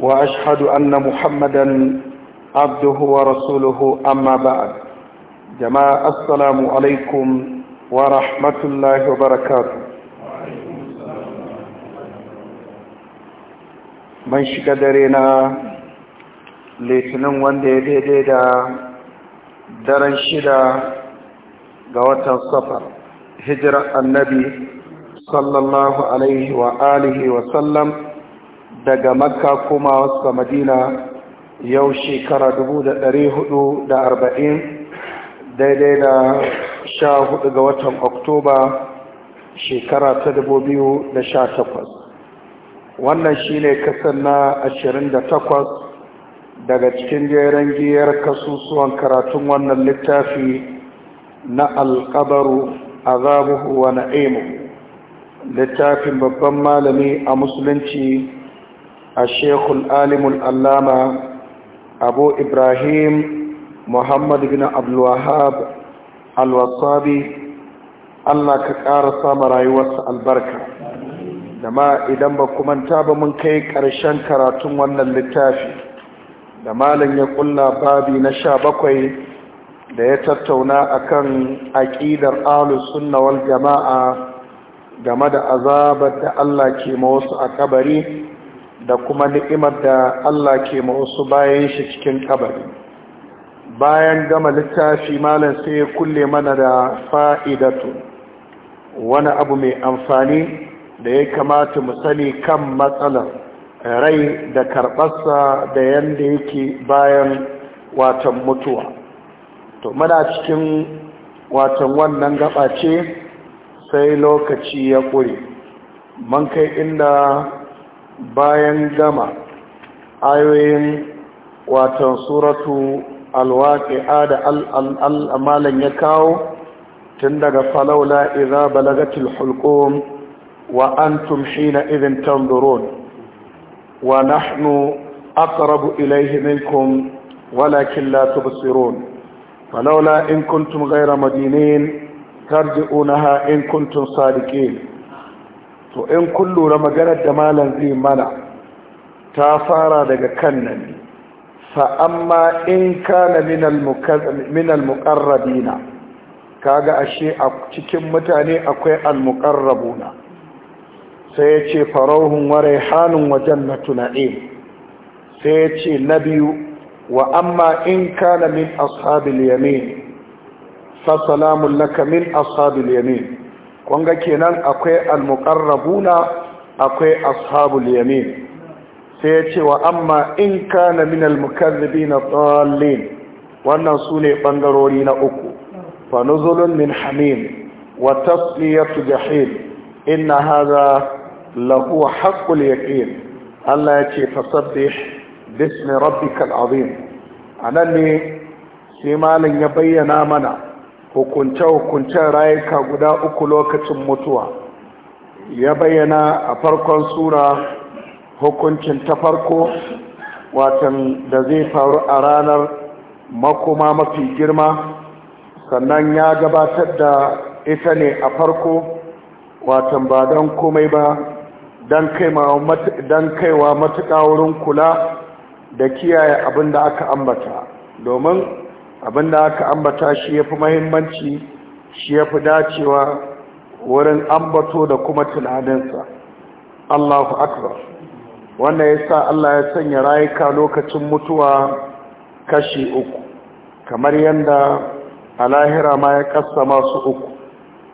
وأشهد أن محمدا عبده ورسوله أما بعد جماعة السلام عليكم ورحمة الله وبركاته من شكدرنا litinin wanda ya daidai da daren shida ga watan safar hijirar annabi sallallahu alaihi wa alihi wa sallam daga makka kuma wasu madina yau shekara 440 daidai da hudu ga watan oktoba shekara ta 2018 wannan shi ne kasar na 28 daga cikin jeren giyar kasusuwan karatun wannan littafi na alkabaru azabuhu wa na'imu littafin babban malami a musulunci A العالم العلامة أبو إبراهيم محمد بن عبد الوهاب الوصابي Allah ka ƙara sama rayuwarsa albarka ma idan ba ku manta ba mun kai ƙarshen karatun wannan littafi da malam ya ƙulla babi na sha bakwai da ya tattauna a kan aƙidar ahlus sunna wal jama'a game da azabar da Allah ke ma wasu a da kuma ni'imar da Allah ke wasu bayan shi cikin kabari bayan gama littafi malam sai ya kulle mana da fa'idatu wani abu mai amfani da ya kamata mu sani kan matsalar rai da karɓarsa da yadda yake bayan watan mutuwa to muna cikin watan wannan gaba ce sai lokaci ya ƙure man kai inda bayan gama ayoyin watan suratu a da al'amalan ya kawo tun daga falaula iza balagatil hulqum wa antum hina idhin tanzurun wa nahnu aqrabu ilayhi minkum walakin la tubsirun falaula in kuntum ghayra madinin tarji'unaha in kuntum sadiqin to in kun lura maganar da malam zai mana ta fara daga kan nan fa'amma in kana minal muƙarrabina kaga ashe a cikin mutane akwai almukarrabu na. sai ya ce farauhun warai hannun wajen na tunaɗe sai ya ce na biyu wa amma in kana min ashabil yamin fa salamun laka min ashabil yamin wanga kenan akwai almuqarrabuna akwai ashabul yamin sai ya wa amma in kana min almukazzibina dallin wannan sune bangarori na uku fa nuzulun min hamim wa tasliyatu jahim inna hadha lahu haqqul yaqin Allah ya ce fasabbih bismi rabbikal azim anan ne sai malam ya bayyana mana hukunce-hukuncen rayuka guda uku lokacin mutuwa ya bayyana a farkon sura hukuncin ta farko watan da zai faru a ranar makoma mafi girma sannan ya gabatar da ita ne a farko watan ba don komai ba don kaiwa matuƙa wurin kula da kiyaye abin da aka ambata domin abinda aka ambata shi ya fi mahimmanci shi ya fi dacewa wurin ambato da kuma tunaninsa allahu akbar wanda ya sa allah ya sanya rayuka lokacin mutuwa kashi uku kamar yadda a lahira ma ya kasa masu uku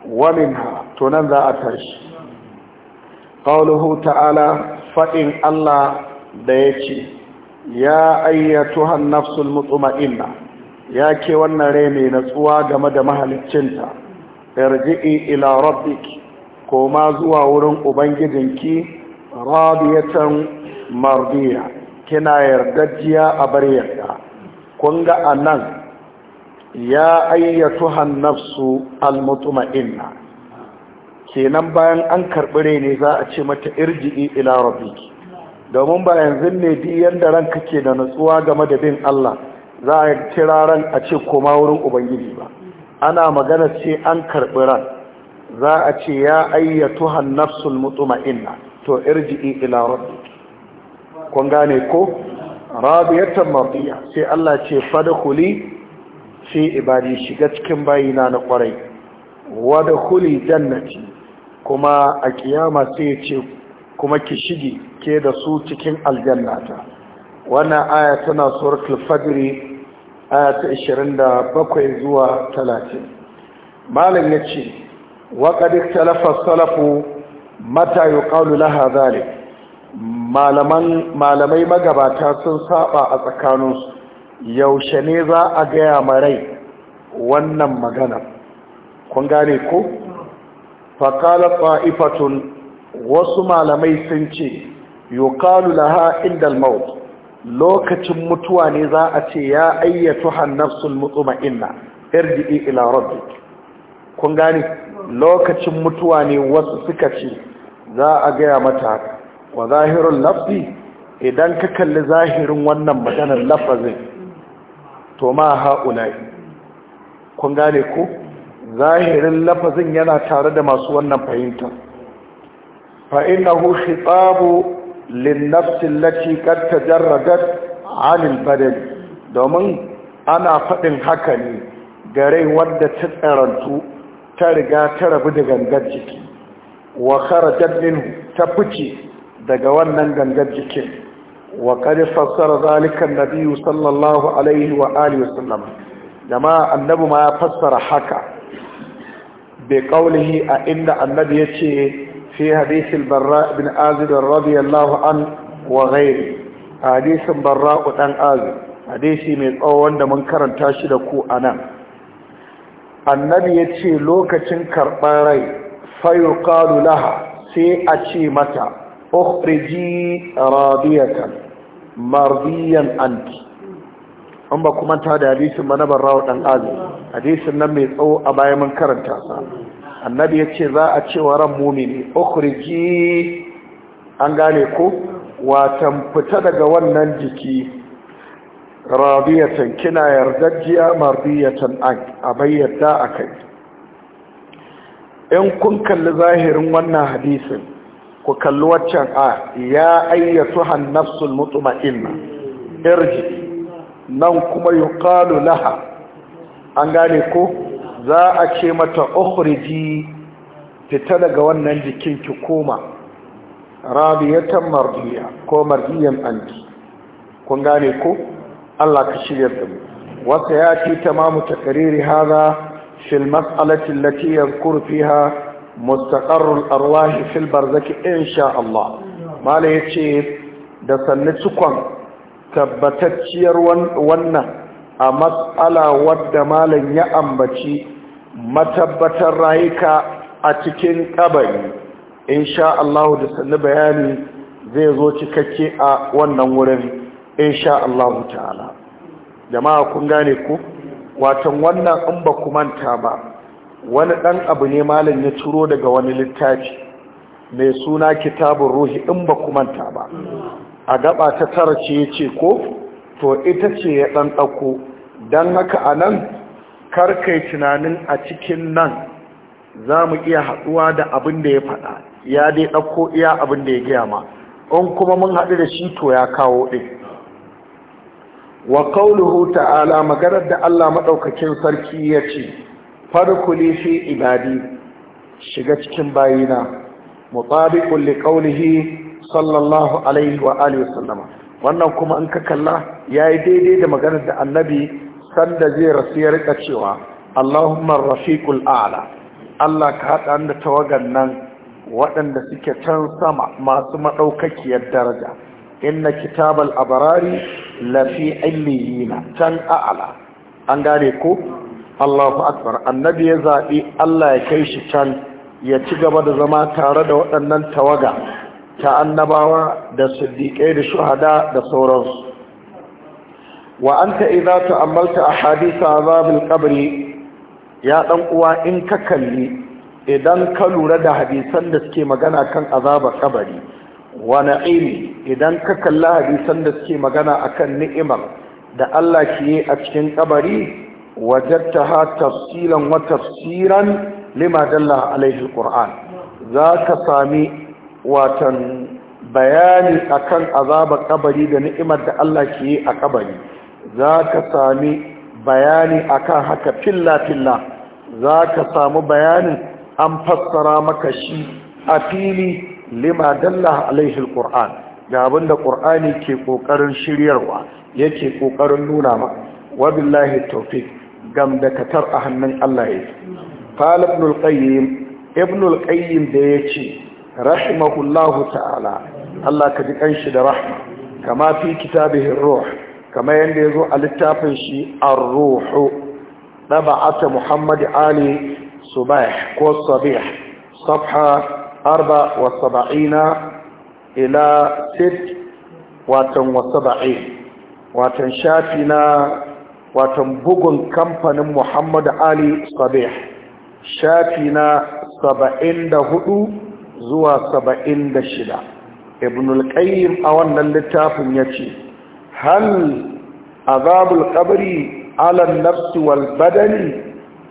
wamin ha tunan za a tashi ƙauluhu ta'ala faɗin allah da ya ce ya ayyatuhan hannafsul mutuma'inna ya ke wannan rai mai natsuwa game da mahaliccinta irji'i ila rabbiki koma zuwa wurin ubangijinki radiyatan mardiya kina yardajiya a bar yadda. kun ga nan, ya ayyatu ayyatuhan nafsu almutma'inna kenan bayan an karɓi ne za a ce mata irji'i ila rabbik domin ba yanzu ne duk yanda ranka ke da natsuwa game da bin Allah za a kira ran a ce koma wurin ubangiji ba ana magana ce an karɓi ran za a ce ya ayyatu hannafsul mutuma'inna to irji'i ila rabbiki kun gane ko rabiyatan mardiya sai Allah ce fadkhuli fi ibadi shiga cikin bayina na kwarai wadkhuli jannati kuma a kiyama sai ce kuma ki shige ke da su cikin aljannata wannan aya tana suratul fajri aya ta 27 zuwa 30 malam yace wa qad ikhtalafa salafu mata yuqalu laha zalik malaman malamai magabata sun saba a tsakaninsu yaushe ne za a gaya marai wannan magana kun gane ko faƙala ta'ifatun wasu malamai sun ce yuqalu laha indal maut lokacin mutuwa ne za a ce ya ayyatu hannafsul mutma'inna irji'i ila rabbik kun gane lokacin mutuwa ne wasu suka ce za a gaya mata wa zahirul lafzi idan ka kalli zahirin wannan maganar lafazin to ma haulai kun gane ko zahirin lafazin yana tare da masu wannan fahimta fa innahu khitabu linnafsi lati kad tajarradat anil badal domin ana faɗin haka ne ga rai wadda ta tsarantu ta riga ta rabu da gangar jiki wa kharajat minhu ta fice daga wannan gangar jikin wa qad fassara zalika an-nabi sallallahu alaihi wa alihi wasallam jama'a annabi ma ya fassara haka bi qawlihi a inda annabi yace في حديث البراء بن عازب رضي الله عنه وغيره حديث البراء بن عازب hadisi mai tsawo wanda mun karanta shi da ku a nan annabi ya ce lokacin karɓar rai fayu sai a ce mata ukhriji radiyatan mardiyan anti an kuma ta da hadisin manabar rawa dan azumi hadisin nan mai tsawo a bayan mun karanta annabi ya ce za a cewa ran mumini okuriki an gane ko watan fita daga wannan jiki rabiyatan kina yardajiya mardiyatan an abai yadda a kai in kun kalli zahirin wannan hadisin ku kalli waccan a ya ayyatu hannafsul mutuma'inna irji nan kuma yuqalu laha an gane ko za a ce mata ukhriji fita daga wannan jikin ki koma radiyatan mardiya ko mardiyan anti kun gane ko Allah ka shirya da mu wata ya ci tamamu takariri hada fil mas'alati allati yadhkuru fiha al arwah fil barzaki insha Allah mala yace da sannu cikon tabbatacciyar wannan a matsala wadda malam ya ambaci matabbatar rayuka a cikin kabari sha Allah da sannu bayani zai zo cikakke a wannan wurin insha Allah ta'ala jama'a kun gane ku watan wannan in ba ku manta ba wani ɗan abu ne malam ya ciro daga wani littafi mai suna kitabun ruhi in ba ku manta ba a gaba ta tara ce ya ce ko to ita ce ya ɗan ɗauko don haka a nan karkai tunanin a cikin nan za mu iya haɗuwa da abin da ya faɗa ya dai ɗauko iya abin da ya gaya ma in kuma mun haɗu da shi to ya kawo ɗin wa kauluhu ta'ala maganar da Allah maɗaukakin sarki ya ce farkuli fi ibadi shiga cikin bayina mutabiqul li qawlihi sallallahu alaihi wa alihi wasallama wannan kuma in ka kalla yayi daidai da maganar da annabi sanda zai rasu ya rika cewa Allahumma rafiqul a'la Allah ka haɗa da tawagan nan waɗanda suke can sama masu maɗaukakiyar daraja inna kitabal abarari lafi na can ala, an gane ko Allahu akbar annabi ya zaɓi Allah ya kai shi can ya ci gaba da zama tare da waɗannan tawaga ta annabawa da siddiƙai da shuhada da sauransu Wa'anta anta idza amalta a azab al kabari ya dan uwa in ka kalli idan ka lura da hadisan da suke magana kan azabar kabari wa na'imi idan ka kalla hadisan da suke magana akan ni'imar da Allah ke yi a cikin kabari wajadtaha tafsilan wa tafsiran lima dalla alaihi alquran za ka sami watan bayani akan azabar kabari da ni'imar da Allah ke yi a kabari za ka sami bayani akan haka filla-filla za ka samu bayanin an fassara maka shi a fili lima dalla alaihi alquran ga da qur'ani ke ƙoƙarin shiryarwa yake ƙoƙarin nuna ma wabillahi Taufik, gam da katar a hannun Allah yake qala ibn al-qayyim ya ce, qayyim rahimahullahu ta'ala Allah ka ji kanshi da rahma kama fi kitabihin ruh kamar yadda ya zo a littafin shi an ruhu ɗaba ata muhammadu ali subaih ko sabih safha arba wa saba'ina ila sit watan wa watan shafi watan bugun kamfanin Muhammad ali sabih shafi na saba'in da hudu zuwa saba'in da shida ibn a wannan littafin ya ce hal azabul kabari ala nafsi wal badani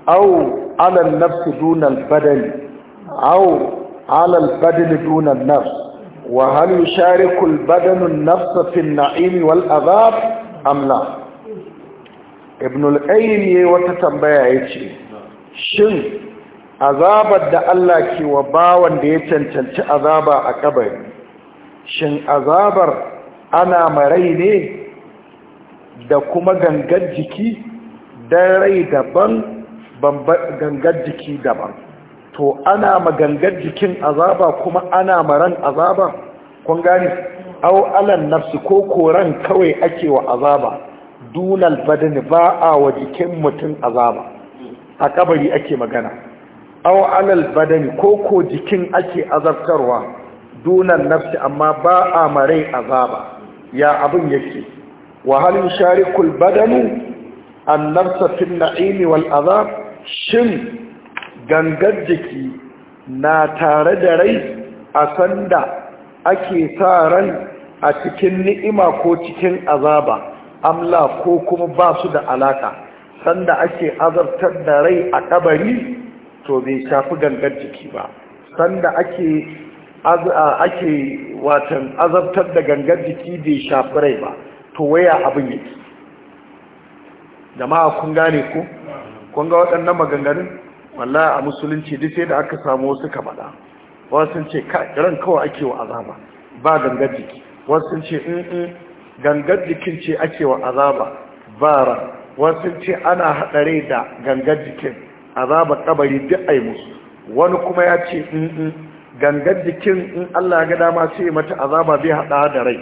au ala nafsi dunal badani au ala badani dunal nafs wa hal yushariku al badanu an azab am la ibn al wata tambaya yace shin azabar da Allah ke wa bawan da ya cancanci azaba a kabari shin azabar ana marai ne da kuma gangar jiki don rai daban gangar jiki daban to ana ma gangar jikin azaba kuma ana maran azaba kun gani au alan nafsi ko koran kawai ake wa azaba dunal badani ba a wa jikin mutum azaba a kabari ake magana au alal badani ko ko jikin ake azabtarwa dunan nafsi amma ba a marai azaba ya abin yake wa halin sharikul badanu an nafsa fil na'imi wal azab shin gangar jiki na tare da rai a sanda ake sa ran a cikin ni'ima ko cikin azaba amla ko kuma ba su da alaka sanda ake azabtar da rai a kabari to bai shafi gangar jiki ba sanda ake ake watan azabtar da gangar jiki bai shafi rai ba to waya abin yake jama'a kun gane ku? kun ga waɗannan maganganun wallahi a musulunci duk sai da aka samu wasu ka wasu ce ran kawai ake wa azaba ba gangar jiki wasu ce in mm, mm, gangar jikin ce ake wa azaba ba ran wasu ce ana haɗare da gangar jikin azabar kabari duk ai musu wani kuma ya ce in mm, in Gangan jikin in Allah ga dama sai mata azaba bai hada da rai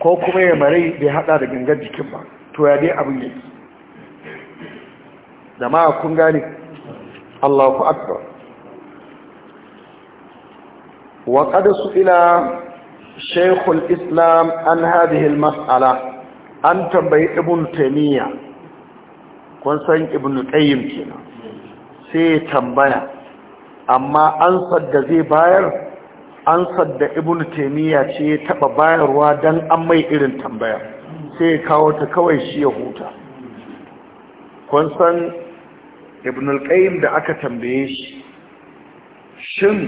ko kuma ya marai bai hada da gangan jikin ba to ya dai abin yake jama'a kun gane Allahu akbar wa qad su'ila shaykhul islam an hadhihi al mas'ala an tambayi ibn taymiya kun san ibn qayyim kenan sai tambaya amma an da zai bayar an da ibn taimiyya ce ya taba bayarwa don an mai irin tambaya sai ya kawo ta kawai shi ya huta kwansan ibn al da aka tambaye shi shin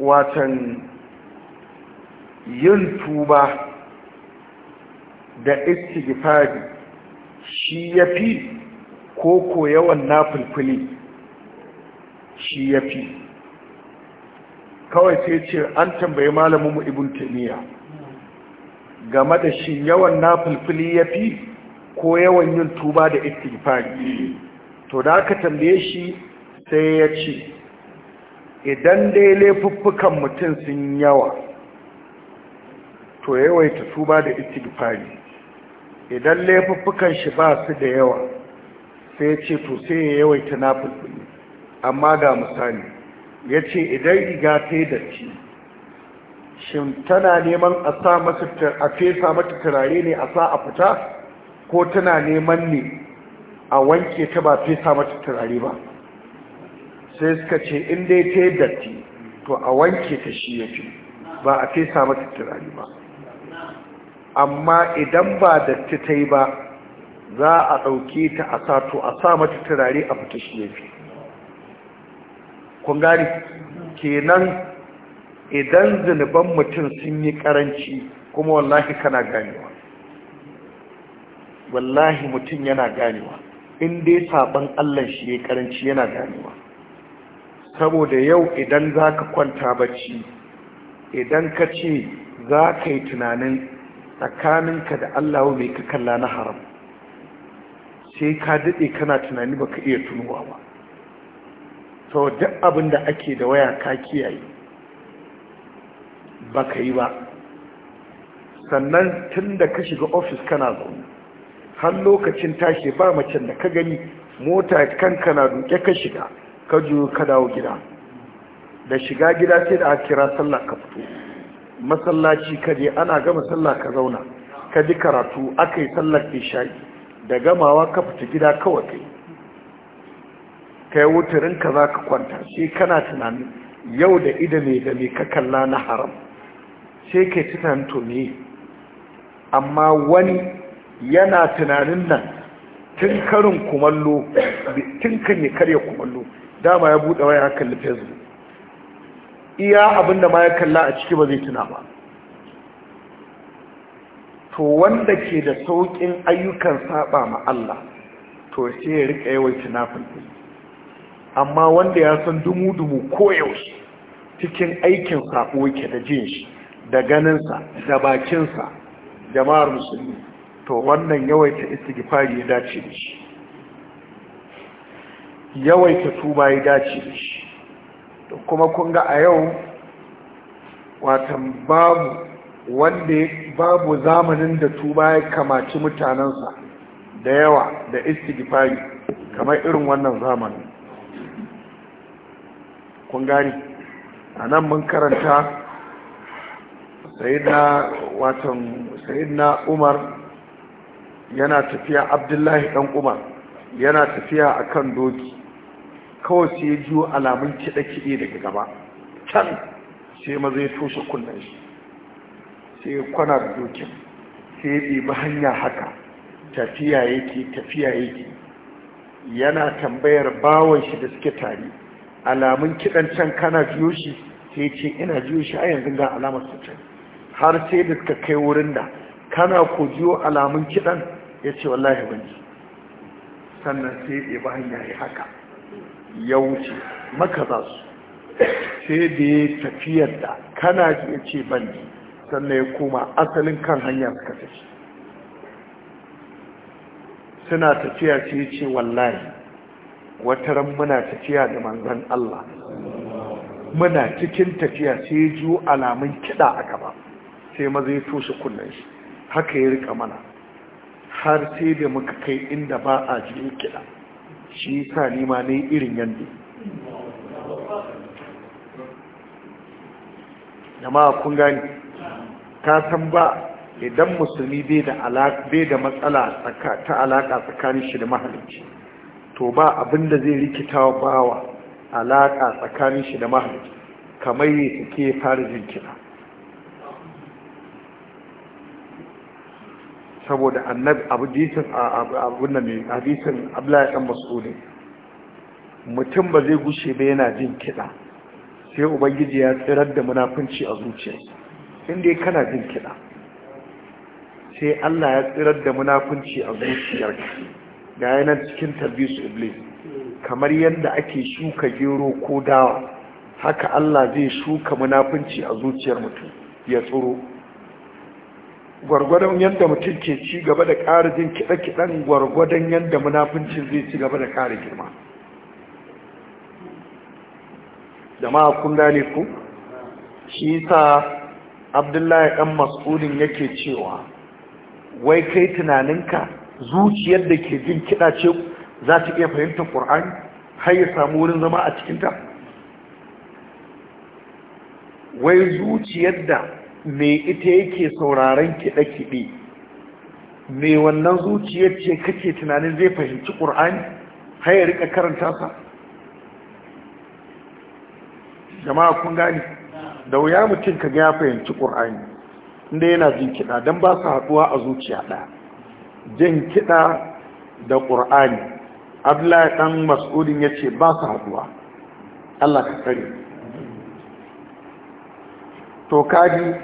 watan yin tuba da istighfari shi yafi ko koko yawan nafilfili shi ya fi kawai sai ce an tambayi malaminmu ibn taymiya game da shi yawan nafulfuli ya fi ko yawan yin tuba da istighfari to da aka tambaye shi sai ya ce idan dai laifuffukan mutum sun yawa to yawaita tuba da istighfari idan laifuffukan shi ba su da yawa sai ya ce to sai ya yawaita nafulfuli. amma ga misali ya ce idan riga ta yi datti shin tana neman a sa masa a fesa mata turare ne a sa a fita ko tana neman ne a wanke ta ba fesa mata turare ba sai suka ce in dai ta yi datti to a wanke ta shi ya fi ba a fesa mata turare ba amma idan ba datti ta yi ba za a ɗauke ta a sa to a sa mata turare a fita shi ya fi kun kenan idan zunuban mutum sun yi karanci kuma wallahi kana ganewa wallahi mutum yana ganewa in dai saban allah shi ya karanci yana ganewa saboda yau idan za ka kwanta bacci idan ka ce za ka yi tunanin tsakaninka da allah mai ka kalla na haram sai ka daɗe kana tunani baka iya tunuwa ba so duk abin da ake da waya ka kiyaye ba ka yi ba sannan tun da ka shiga ofis kana zaune har lokacin tashi ba macen da ka gani mota kanka na duke ka shiga ka juyo ka dawo gida da shiga gida sai da a kira sallah ka fito masallaci ka je ana gama sallah ka zauna ka ji karatu aka yi sallar isha'i da gamawa ka fita gida kawai kai kai wuturin ka za ka kwanta shi kana tunanin yau da ida ne da me ka kalla na haram sai kai tunanin tuni, amma wani yana tunanin nan tun karin kumallo tun kan ya karya kumallo dama ya buɗe waya kalli facebook iya abinda ma ya kalla a ciki ba zai tuna ba to wanda ke da sauƙin ayyukan saba ma Allah to sai ya riƙa yawan tunafin amma wanda ya san dumu-dumu koyaushe cikin aikin sako yake da jin shi da ganinsa da bakinsa jama'ar musulmi to wannan yawaita istighfari ya dace da shi yawaita tuba ya dace da shi to kuma kun ga a yau watan babu wanda babu zamanin da tuba ya kamaci mutanensa da yawa da istighfari kamar irin wannan zamanin kun gani a nan mun karanta sayidina watan sayidina umar yana tafiya abdullahi dan umar yana tafiya a kan doki kawai sai ya jiwo alamun kiɗe-kiɗe daga gaba can sai maza ya toshe kunan shi sai ya kwana da dokin sai ya hanya haka tafiya yake tafiya yake yana tambayar bawon shi da suke tare alamun kiɗan can kana jiyo shi sai ce ina jiyo shi a yanzu ga alamar su har sai da suka kai wurin da kana ko jiyo alamun kiɗan ya ce wallahi ban ji sannan sai ya ba hanya ya haka ya wuce maka za su sai da ya tafiyar da kana ji ya ce ban ji sannan ya koma asalin kan hanya suka tafi suna tafiya sai ce wallahi wata ran muna tafiya da manzan Allah muna cikin tafiya sai ya ji alamun kiɗa a gaba sai maza ya toshe kunnen shi haka ya rika mana har sai da muka kai inda ba a ji kiɗa shi sa nima ne irin yadda jama'a kun gani ka san ba idan musulmi bai da matsala ta alaƙa tsakanin shi da mahalicci to ba abin da zai rikita wa bawa alaƙa tsakanin shi da mahalicci kamar yi suke fara jin kiɗa saboda annabi abudisin abun da mai hadisin abdullahi dan ne, mutum ba zai gushe ba yana jin kiɗa sai ubangiji ya tsirar da munafunci a zuciyarsa inda kana jin kiɗa sai Allah ya tsirar da munafunci a zuciyarka ga yanar cikin talbisu iblis kamar yadda ake shuka gero ko dawa haka Allah zai shuka munafunci a zuciyar mutum ya tsoro gwargwadon yadda mutum ke ci gaba da ƙara jin kiɗan-kiɗan, gwargwadon yadda munafuncin zai ci gaba da ƙara girma jama'a kun gane ku shi sa abdullahi ɗan mas'udin yake cewa wai kai tunaninka zuciyar da ke jin kiɗa ce za ta iya fahimtar ƙur'ani har ya samu wurin zama a cikinta wai zuciyar da mai ita yake sauraron kiɗe-kiɗe mai wannan zuciyar ce kake tunanin zai fahimci ƙur'ani har ya rika karanta sa jama'a kun gani da wuya mutum ka ga ya fahimci ƙur'ani inda yana jin kiɗa don ba su haɗuwa a zuciya ɗaya jin kiɗa da ƙur'ani abdullahi ɗan mas'udin ya ce ba su haɗuwa allah ka kare to kaji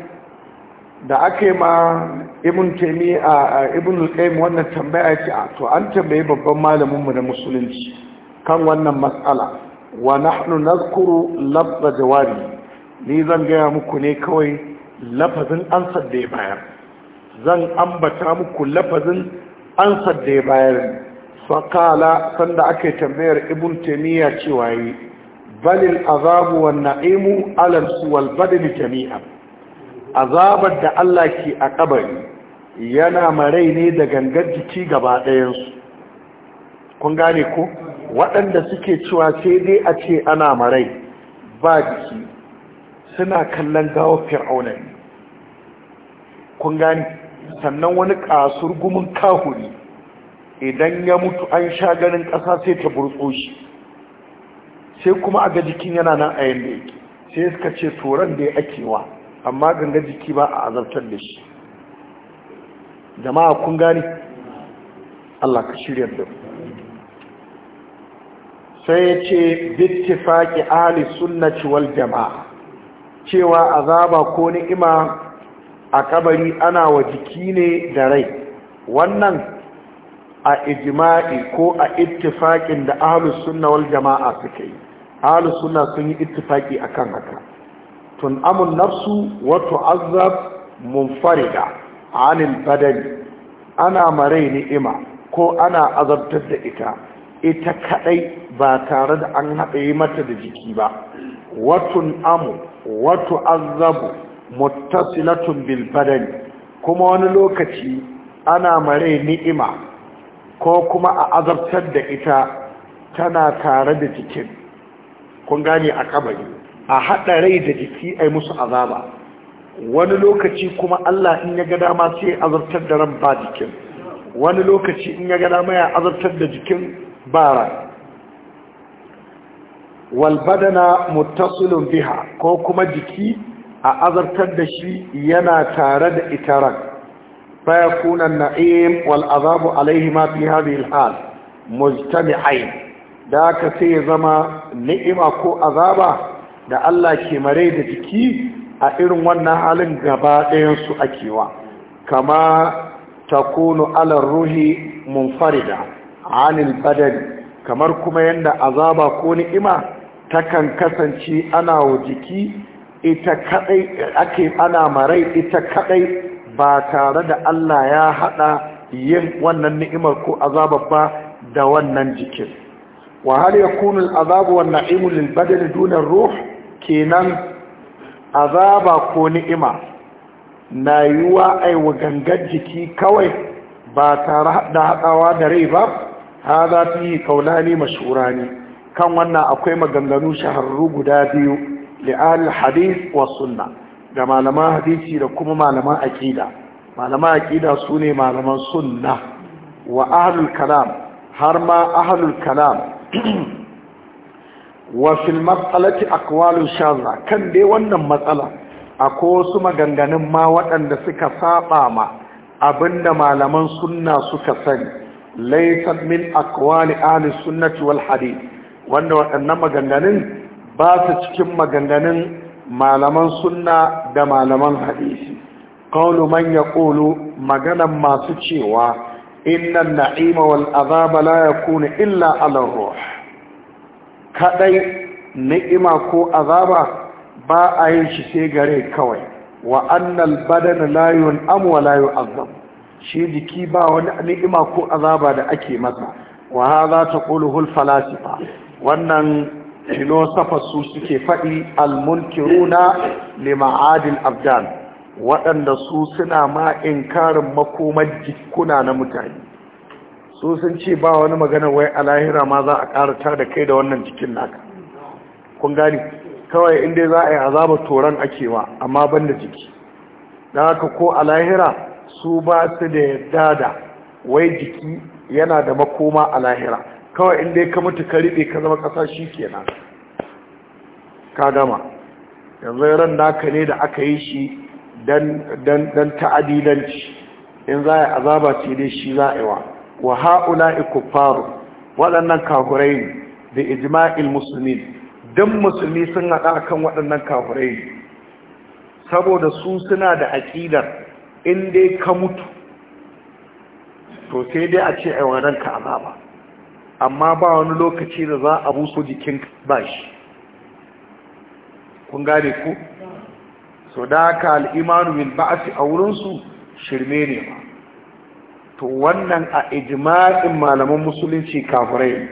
da aka yi ma ibn taimi a ibn al wannan tambaya ce a to an tambaye babban malaminmu na musulunci kan wannan matsala wa nahnu nazkuru lafza jawari ni zan gaya muku ne kawai lafazin ansar da ya bayar zan ambata muku lafazin ansar da ya bayar fakala sanda aka tambayar ibn taymiya cewa yi balil azabu wan na'imu alal suwal badal jami'a azabar da Allah ke a kabari yana marai ne da gangar jiki gaba ɗayansu kun gane ko waɗanda suke cewa sai dai a ce ana marai ba jiki suna kallon gawar fir'auna kun gane sannan wani kasur gumin kahuri idan ya mutu an sha ganin ƙasa sai ta burtso shi sai kuma a ga jikin yana nan a yanda yake sai suka ce turan da ya ake wa amma ganga jiki ba a azabtar da shi jama'a kun gani Allah ka shirya da sai ya ce bittifaki ahli sunnati wal jama'a cewa azaba ko ni'ima a kabari ana wa jiki ne da rai wannan a ijima'i ko a ittifaƙin da ahalus sunna wal jama'a suka yi ahalus sunna sun yi ittifaƙi a kan haka tun amun nafsu wato azab munfarida anil badani ana marai ni'ima ko ana azabtar da ita ita kadai ba tare da an haɗe mata da jiki ba watun amu wato azabu muttasilatun bil badani kuma wani lokaci ana mare ni'ima ko kuma a azabtar da ita tana tare da jikin kun gane a kabari a haɗa rai da jiki ai musu azaba wani lokaci kuma Allah in ya ga dama sai azabtar da ran ba jikin wani lokaci in ya ga dama ya azabtar da jikin ba ran walbadana muttasilun biha ko kuma jiki a azartar da shi yana tare da itaran Baya ma fi والعذاب al-hal mujtami'ain da ka sai ya zama ni'ima ko azaba? da Allah ke mare da jiki a irin wannan halin gaba su akewa kama takunu ala ruhi munfarida anil badani kamar kuma yadda azaba ko ni'ima takan kasance ana wa jiki ita kadai ake ana marai ita kadai ba tare da Allah ya hada yin wannan ni'imar ko azabar ba da wannan jikin wa hal yakunu wan na'imu lil badan duna ruh kenan azaba ko ni'ima na yiwa aiwa gangar jiki kawai ba tare da hadawa da rai ba hada fi kaulani mashurani kan wannan akwai maganganu shahararru guda biyu li'al hadith wa sunna ga malaman hadisi da kuma malaman aqida malaman aqida sune malaman sunna wa ahlul kalam har ma ahlul kalam wa fil mas'alati aqwalun shadha kan dai wannan matsala akwai wasu maganganun ma waɗanda suka saba ma abinda malaman sunna suka sani laysat min aqwali ahli sunnati wal hadith wanda waɗannan maganganun ba su cikin maganganun malaman sunna da malaman hadisi qawlu man yaqulu maganan masu cewa innan na'ima wal azaba la yakunu illa ala ruh kadai ni'ima ko azaba ba a yi shi sai gare kawai wa annal badana la yun'am wa la yu'azzam shi jiki ba wani ni'ima ko azaba da ake masa wa hadha taquluhu al falasifa wannan filosofar su suke faɗi almunkiruna ma'adil abdan waɗanda su suna ma inkarin makomar jikuna na mutane su sun ce ba wani magana wai a lahira ma za a ƙarata da kai da wannan jikin naka kun gani kawai inda za a yi azaba toron akewa amma ban da jiki da haka ko a lahira su ba su da yarda da wai jiki yana da makoma a lahira kawai inda ya kamata ka riɓe ka zama ƙasa shi kenan ka gama yanzu ran naka ne da aka yi shi don ta'adilanci in za a azaba ce dai shi za a yi wa wa ha'ula faru waɗannan kahurai da ijma'il musulmi don musulmi sun haɗa kan waɗannan kahurai saboda su suna da aƙidar in dai ka mutu to sai dai a ce a yi wa ranka azaba amma ba wani lokaci da za a buso jikin bashi kun gane ku so da haka al'imanu min ba'asi a wurinsu shirme ne ba to wannan a ijma'in malaman musulunci kafirai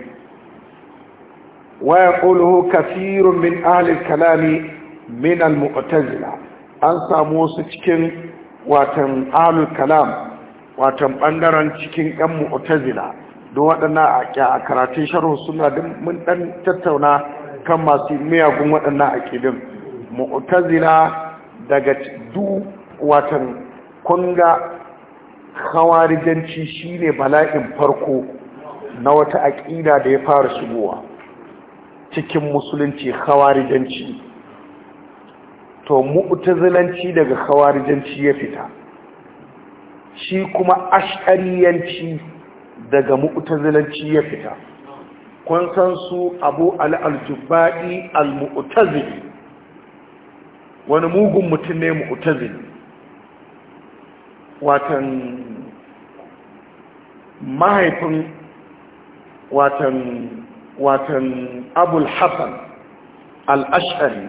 waya ƙuluhu kafirun min ahalin kalami min al-mu'tazila an samu wasu cikin watan ahalin kalam watan ɓangaren cikin ɗan mu'tazila don waɗannan a karatun sharhu suna don mun ɗan tattauna kan masu miyagun waɗannan aƙidin mu'tazila daga du watan kunga hawarijanci shine bala'in farko na wata aƙida da ya fara shigowa cikin musulunci hawarijanci to mu'tazilanci daga hawarijanci ya fita shi kuma ash'ariyanci daga mu'tazilanci ya fita kun san su abu al al al-mu'tazili wani mugun mutum ne mu'tazili watan mahaifin watan watan abul hassan al-ash'ari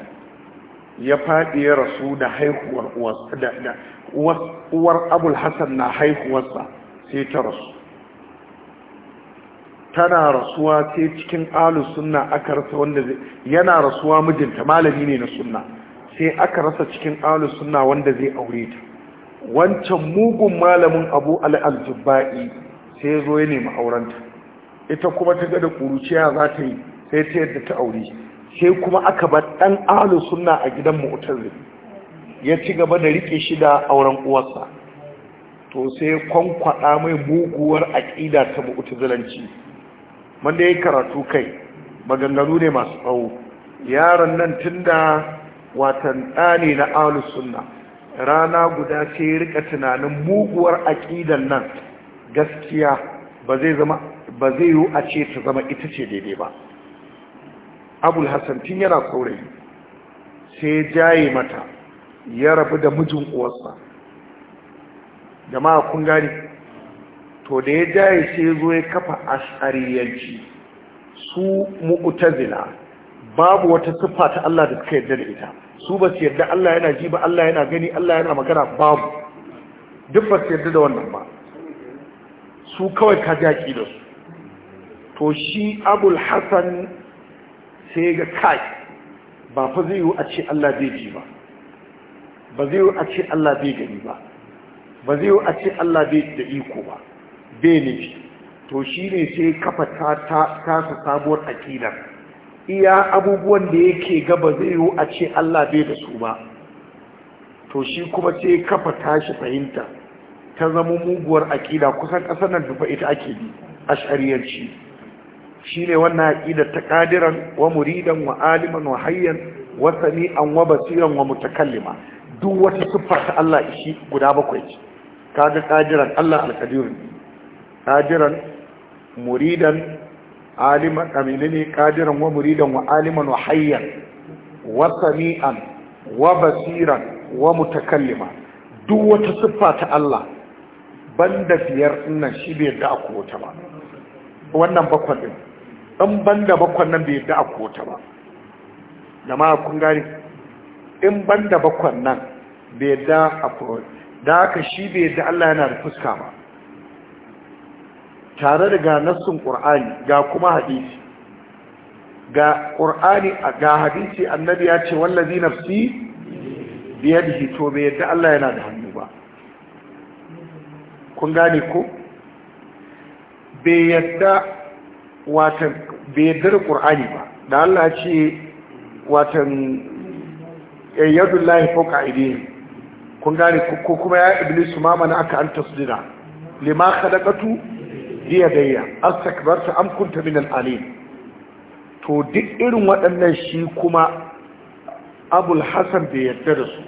ya faɗi ya rasu da haihuwar uwar abul hassan na haihuwarsa sai ta rasu tana rasuwa ce cikin alu sunna aka rasa wanda yana rasuwa mijinta malami ne na sunna sai aka rasa cikin alu sunna wanda zai aure ta wancan mugun malamin abu al'aljubba'i sai ya zo ya nemi aurenta ita kuma ta ga da kuruciya za ta yi sai ta yadda ta aure sai kuma aka bar ɗan alu sunna a gidan mu'tazili ya ci gaba da riƙe shi da auren uwarsa to sai mai muguwar aƙida ta mu'tazilanci wanda ya karatu kai maganganu ne masu tsawo yaron nan tun da watan ɗani na Alusunna. rana guda sai rika tunanin muguwar aƙidan nan gaskiya ba zai yi a ce ta zama ita ce daidai ba abul hassan tun yana saurayi sai jaye mata ya rabu da mijin uwarsa jama'a kun gani to da ya jaye sai zo ya kafa ash'ariyanci su mu'tazila babu wata siffa ta Allah da suka yarda da ita su ba su yarda Allah yana ji ba Allah yana gani Allah yana magana babu duk ba su yarda da wannan ba su kawai ka jaki da su to shi abul hassan sai ga kai ba fa zai yi a ce Allah bai ji ba ba zai yi a ce Allah bai gani ba ba zai yi a ce Allah bai da iko ba bai to shi ne sai kafa tasa sabuwar aƙidar iya abubuwan da yake gaba zai yi a ce Allah bai da su ba to shi kuma sai kafa tashi fahimta ta zama muguwar aƙida kusan ƙasar nan dufa ita ake bi a shari'arci shi ne wannan aƙidar ta ƙadiran wa muridan wa aliman wa hayyan wa sami'an wa basiran wa mutakallima duk wata siffa ta Allah ishi guda bakwai kaga ƙadiran Allah alƙadirin kadiran muridan aliman amini ne ƙadiran wa muridan wa aliman wa hayyan wa sami'an wa basiran wa mutakallima duk wata siffa ta Allah banda biyar nan shi bai da aku wata ba wannan bakwan din in banda bakwan nan bai da aku wata ba jama'a kun gani in banda bakwan nan bai da aku da haka shi bai da Allah yana da fuska ba tare da ga nassun ƙur'ani ga kuma hadisi ga ƙur'ani ga hadisi annabi ya ce wallazi nafsi biyadihi to bai yadda Allah yana da hannu ba kun gane ko bai yadda watan bai yadda da ƙur'ani ba da Allah ce watan eh, yaddullahi fawqa aydihim kun gane ko kuma ya Iblis ma mana aka an tasdida lima khalaqatu biyadayya astakbarta am kunta min to duk irin waɗannan shi kuma abul hasan bai yarda da su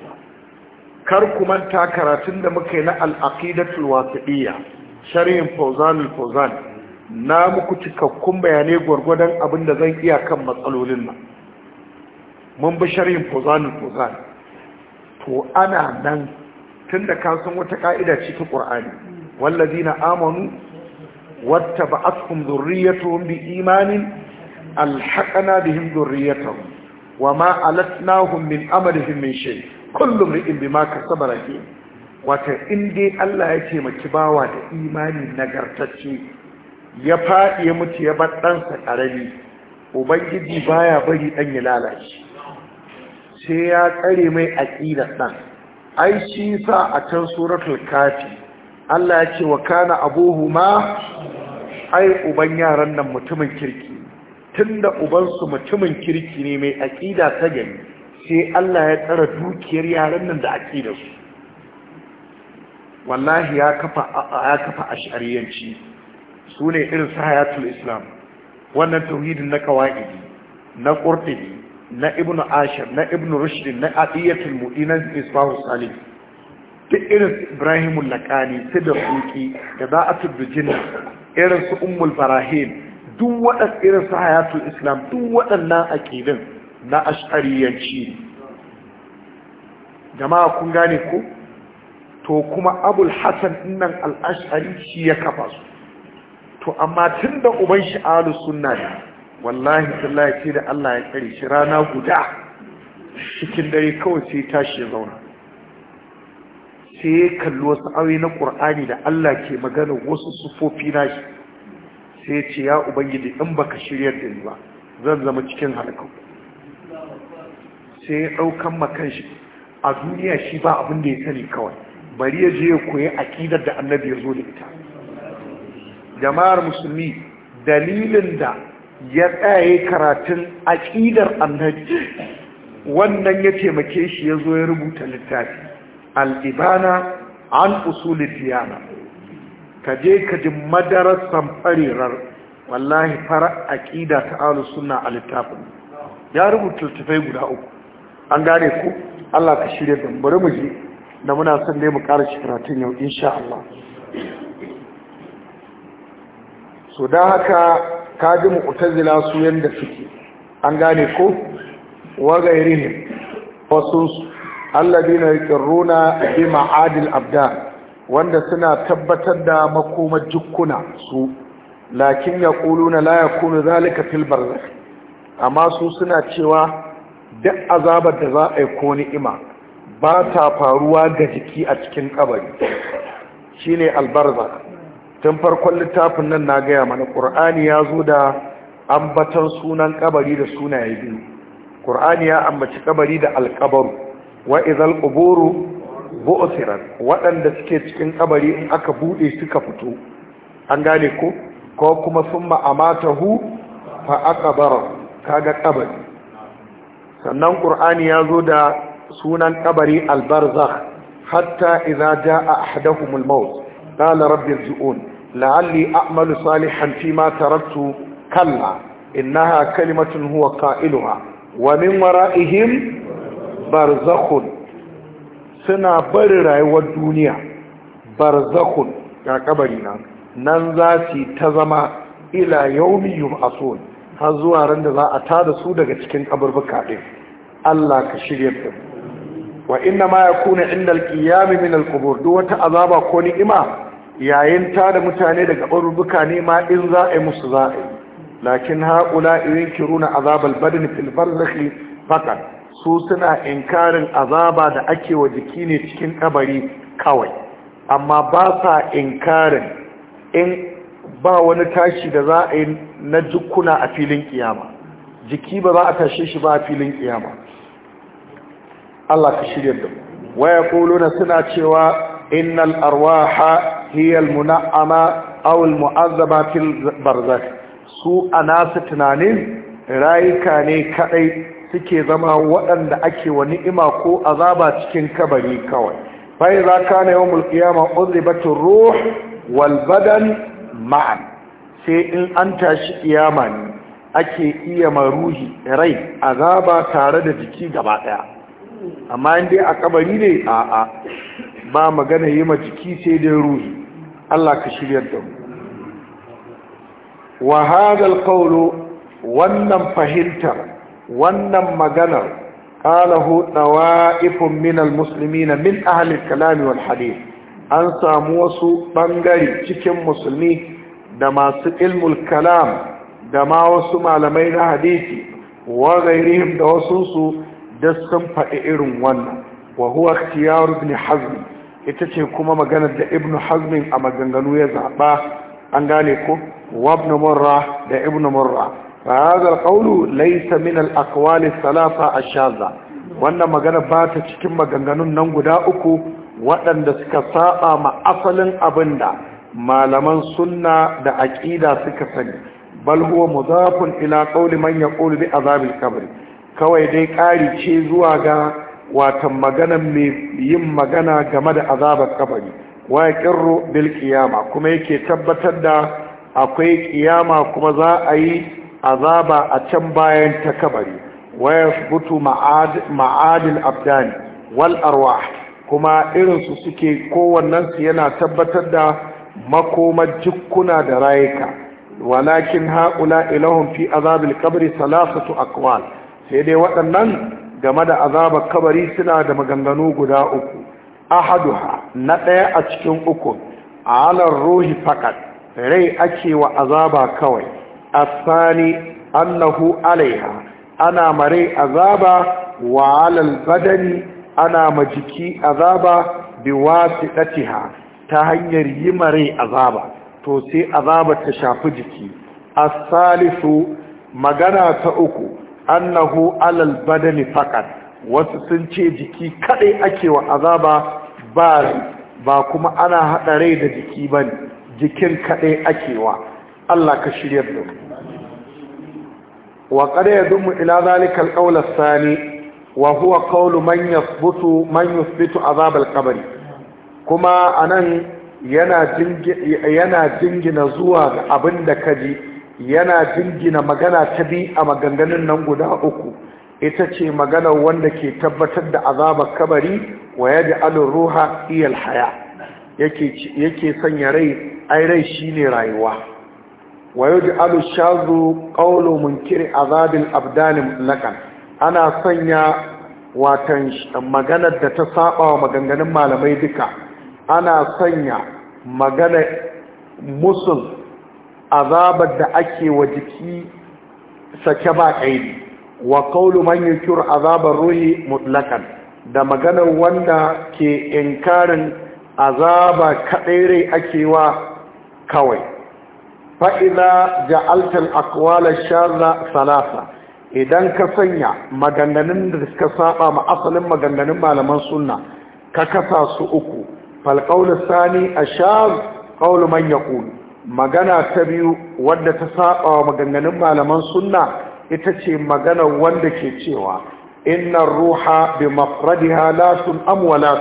kar kuma ta karatun da muka yi na al-aqidatul shari'in sharhin fawzan na muku cikakkun bayanai gwargwadon abin da zan iya kan matsalolin nan mun bi sharhin fawzan fawzan to ana nan tunda ka san wata ka'ida ce ta Qur'ani wallazina amanu wata ba'atkum zurriyatuhum bi imanin alhaqana bihim zurriyatuhum wa ma alatnahum min amalihim min shay kullu ri'in bima kasaba rakin wata in dai Allah ya ce maki bawa da imani nagartacce ya faɗi ya mutu ya bar ɗansa ƙarami ubangiji baya bari ɗan ya lalace sai ya tsare mai aƙidar ɗan ai shi sa a kan suratul kafi Allah ya ce wa kana ma ai uban yaran nan mutumin kirki tunda ubansu mutumin kirki ne mai aƙida ta gani sai Allah ya tsara dukiyar yaran nan da su. wallahi ya kafa ya kafa ash'ariyanci su Hayatul irin sahayatul islam wannan tauhidin na kawaidi na qurtubi na ibnu ashar na ibnu rushd na aqiyatul mu'minan isbahu salih duk irin ibrahimu laƙani su da suki da za a tuddu jinnan irin su umul farahim duk waɗan irin su hayatul islam duk waɗannan aƙidin na ash'ariyanci jama'a kun gane ko to kuma abul hasan innan al'ashari shi ya kafa su to amma tun da uban shi suna sunna wallahi sallaya ce da Allah ya kare shi rana guda cikin dare kawai sai tashi ya zauna sai ya kalli wasu aure na ƙur'ani da Allah ke magana wasu sufofi na shi sai ce ya ubangiji in baka shirya da ni ba zan zama cikin halakau sai ya ɗaukan makan shi a duniya shi ba abin da ya sani kawai bari ya je ya koyi aƙidar da annabi ya zo da ita jama'ar musulmi dalilin da ya tsaye karatun aƙidar annabi wannan ya taimake shi ya zo ya rubuta littafi al'ibana an usuli diyana ka je ka ji madarar samfarirar wallahi fara aƙida ta alu suna a littafin ya rubuta tafai guda uku an gane ku Allah ka shirya don bari mu je da muna son dai mu ƙara shi karatun yau insha Allah so da haka ka ji mu utazila su yanda suke an gane ko wa gairin wasu alladina yuqirruna bi ma'adil abdan wanda suna tabbatar da makomar dukkuna su lakin yaquluna la yakunu zalika fil barzakh amma su suna cewa duk azabar da za a yi ko ni'ima ba ta faruwa ga jiki a cikin kabari shine albarzakh tun farkon littafin nan na gaya mana Kur'ani ya zo da ambatan sunan kabari da sunaye biyu ƙur'ani ya ambaci kabari da alkabaru wa izal quburu waɗanda suke cikin kabari in aka bude suka fito an gane ko ko kuma summa amatahu fa aqbara kaga kabari sannan qur'ani ya zo da sunan kabari albarzakh hatta idza jaa ahaduhumul maut qala rabbi irji'un la'alli a'malu salihan ma taraktu kalla innaha kalimatun huwa qa'iluha wa min wara'ihim barzakhun suna bari rayuwar duniya barzakhun ga kabari nan nan za su ta zama ila yaumi yub'asun har zuwa ran da za a tada su daga cikin kaburbuka din Allah ka shirye su wa inna ma yakuna inda alqiyam min alqubur duk wata azaba ko ni'ima yayin tada mutane daga kaburbuka ne ma in za a yi musu za a yi lakin haƙula irin kiruna azabar badin fil barzakhi fakat su suna inkarin azaba da ake wa jiki ne cikin kabari kawai amma ba sa inkarin in ba wani tashi da za a yi na jikuna a filin kiyama jiki ba za a tashe shi ba a filin kiyama Allah ka shirya da waya kuluna suna cewa innal arwaha hiya almun'ama aw almu'azzaba fil barzakh su anasu tunanin rayuka ne kadai suke zama waɗanda ake wa ni'ima ko azaba cikin kabari kawai bai za ka na yawon mulkiyama uzibatun ruh walbadan ma'an sai in an tashi ƙiyama ne ake iya maruhi rai azaba tare da jiki gaba ɗaya amma inda a kabari ne a a ba magana yi ma jiki sai dai ruhi Allah ka shirya da mu wa hadal wannan fahimtar wannan maganar qalahu dawa'ifun min almuslimina min ahli kalami wal hadith an samu wasu bangare cikin musulmi da masu ilmul kalam da ma wasu malamai na hadisi wa gairihim da wasunsu da sun faɗi irin wannan wa huwa ikhtiyar ibn hazm ita ce kuma maganar da ibn hazm a maganganu ya zaɓa an gane ko wa ibn murra da ibn murra فهذا القول ليس من الأقوال الثلاثة الشاذة wannan magana bata cikin maganganun nan guda uku waɗanda suka saba ma asalin abinda malaman sunna da aƙida suka sani bal huwa mudafun ila qawli man yaqulu bi azabil kawai dai ƙari ce zuwa ga watan magana mai yin magana game da azabar kabari wa yaqirru bil qiyama kuma yake tabbatar da akwai ƙiyama kuma za a yi azaba a can bayan ta kabari waya butu ma'adin abdani wal kuma kuma irinsu suke kowannensu yana tabbatar da makomar jikkuna da rayuka walakin haƙula ilahun fi azabil kabari salasatu akwal sai dai waɗannan game da azabar kabari suna da maganganu guda uku ahaduha na ɗaya a cikin uku halar ruhi fakat rai ake wa azaba kawai الثاني أنه عليها أنا مري أذابا وعلى البدن أنا مجكي أذابا بواسطتها تهير يمري أذابا توسي أذابا تشاف جكي الثالث مغانا تأكو أنه على البدن فقط wasu sun ce أكي وأذابا ake wa azaba ba ba kuma ana haɗa rai da jiki ba jikin kaɗai ake Allah ka shirya da mu wa qad yadummu ila zalika al-qawl ath-thani wa huwa qawlu man yathbutu man azab al-qabr kuma anan yana yana jingina zuwa ga abinda kaji yana jingina magana ta bi a maganganun nan guda uku ita ce magana wanda ke tabbatar da azabar kabari wa yaji alin ruha iyal haya yake sanya rai ai rai shine rayuwa wa yuj'alu shazu ƙaunar munkiri Azabin abdan laqan ana sanya watan maganar da ta saba wa maganganun malamai duka ana sanya magana musul azabar da ake wa jiki sake ba kaidi wa ƙaunar Manyan azabar ruhi mutlaqan da maganar wanda ke inkarin azaba kaɗai rai ake wa kawai fa'iza ja'altar akwalar shaza salasa idan ka sanya maganganun da suka saba ma asalin maganganun malaman sunna ka kasa su uku falƙaunar sani a shara ƙaunar man ya magana ta biyu wadda ta saba wa maganganun malaman sunna ita ce magana wanda ke cewa inna ruha bi mafradi halatun tun'am wa la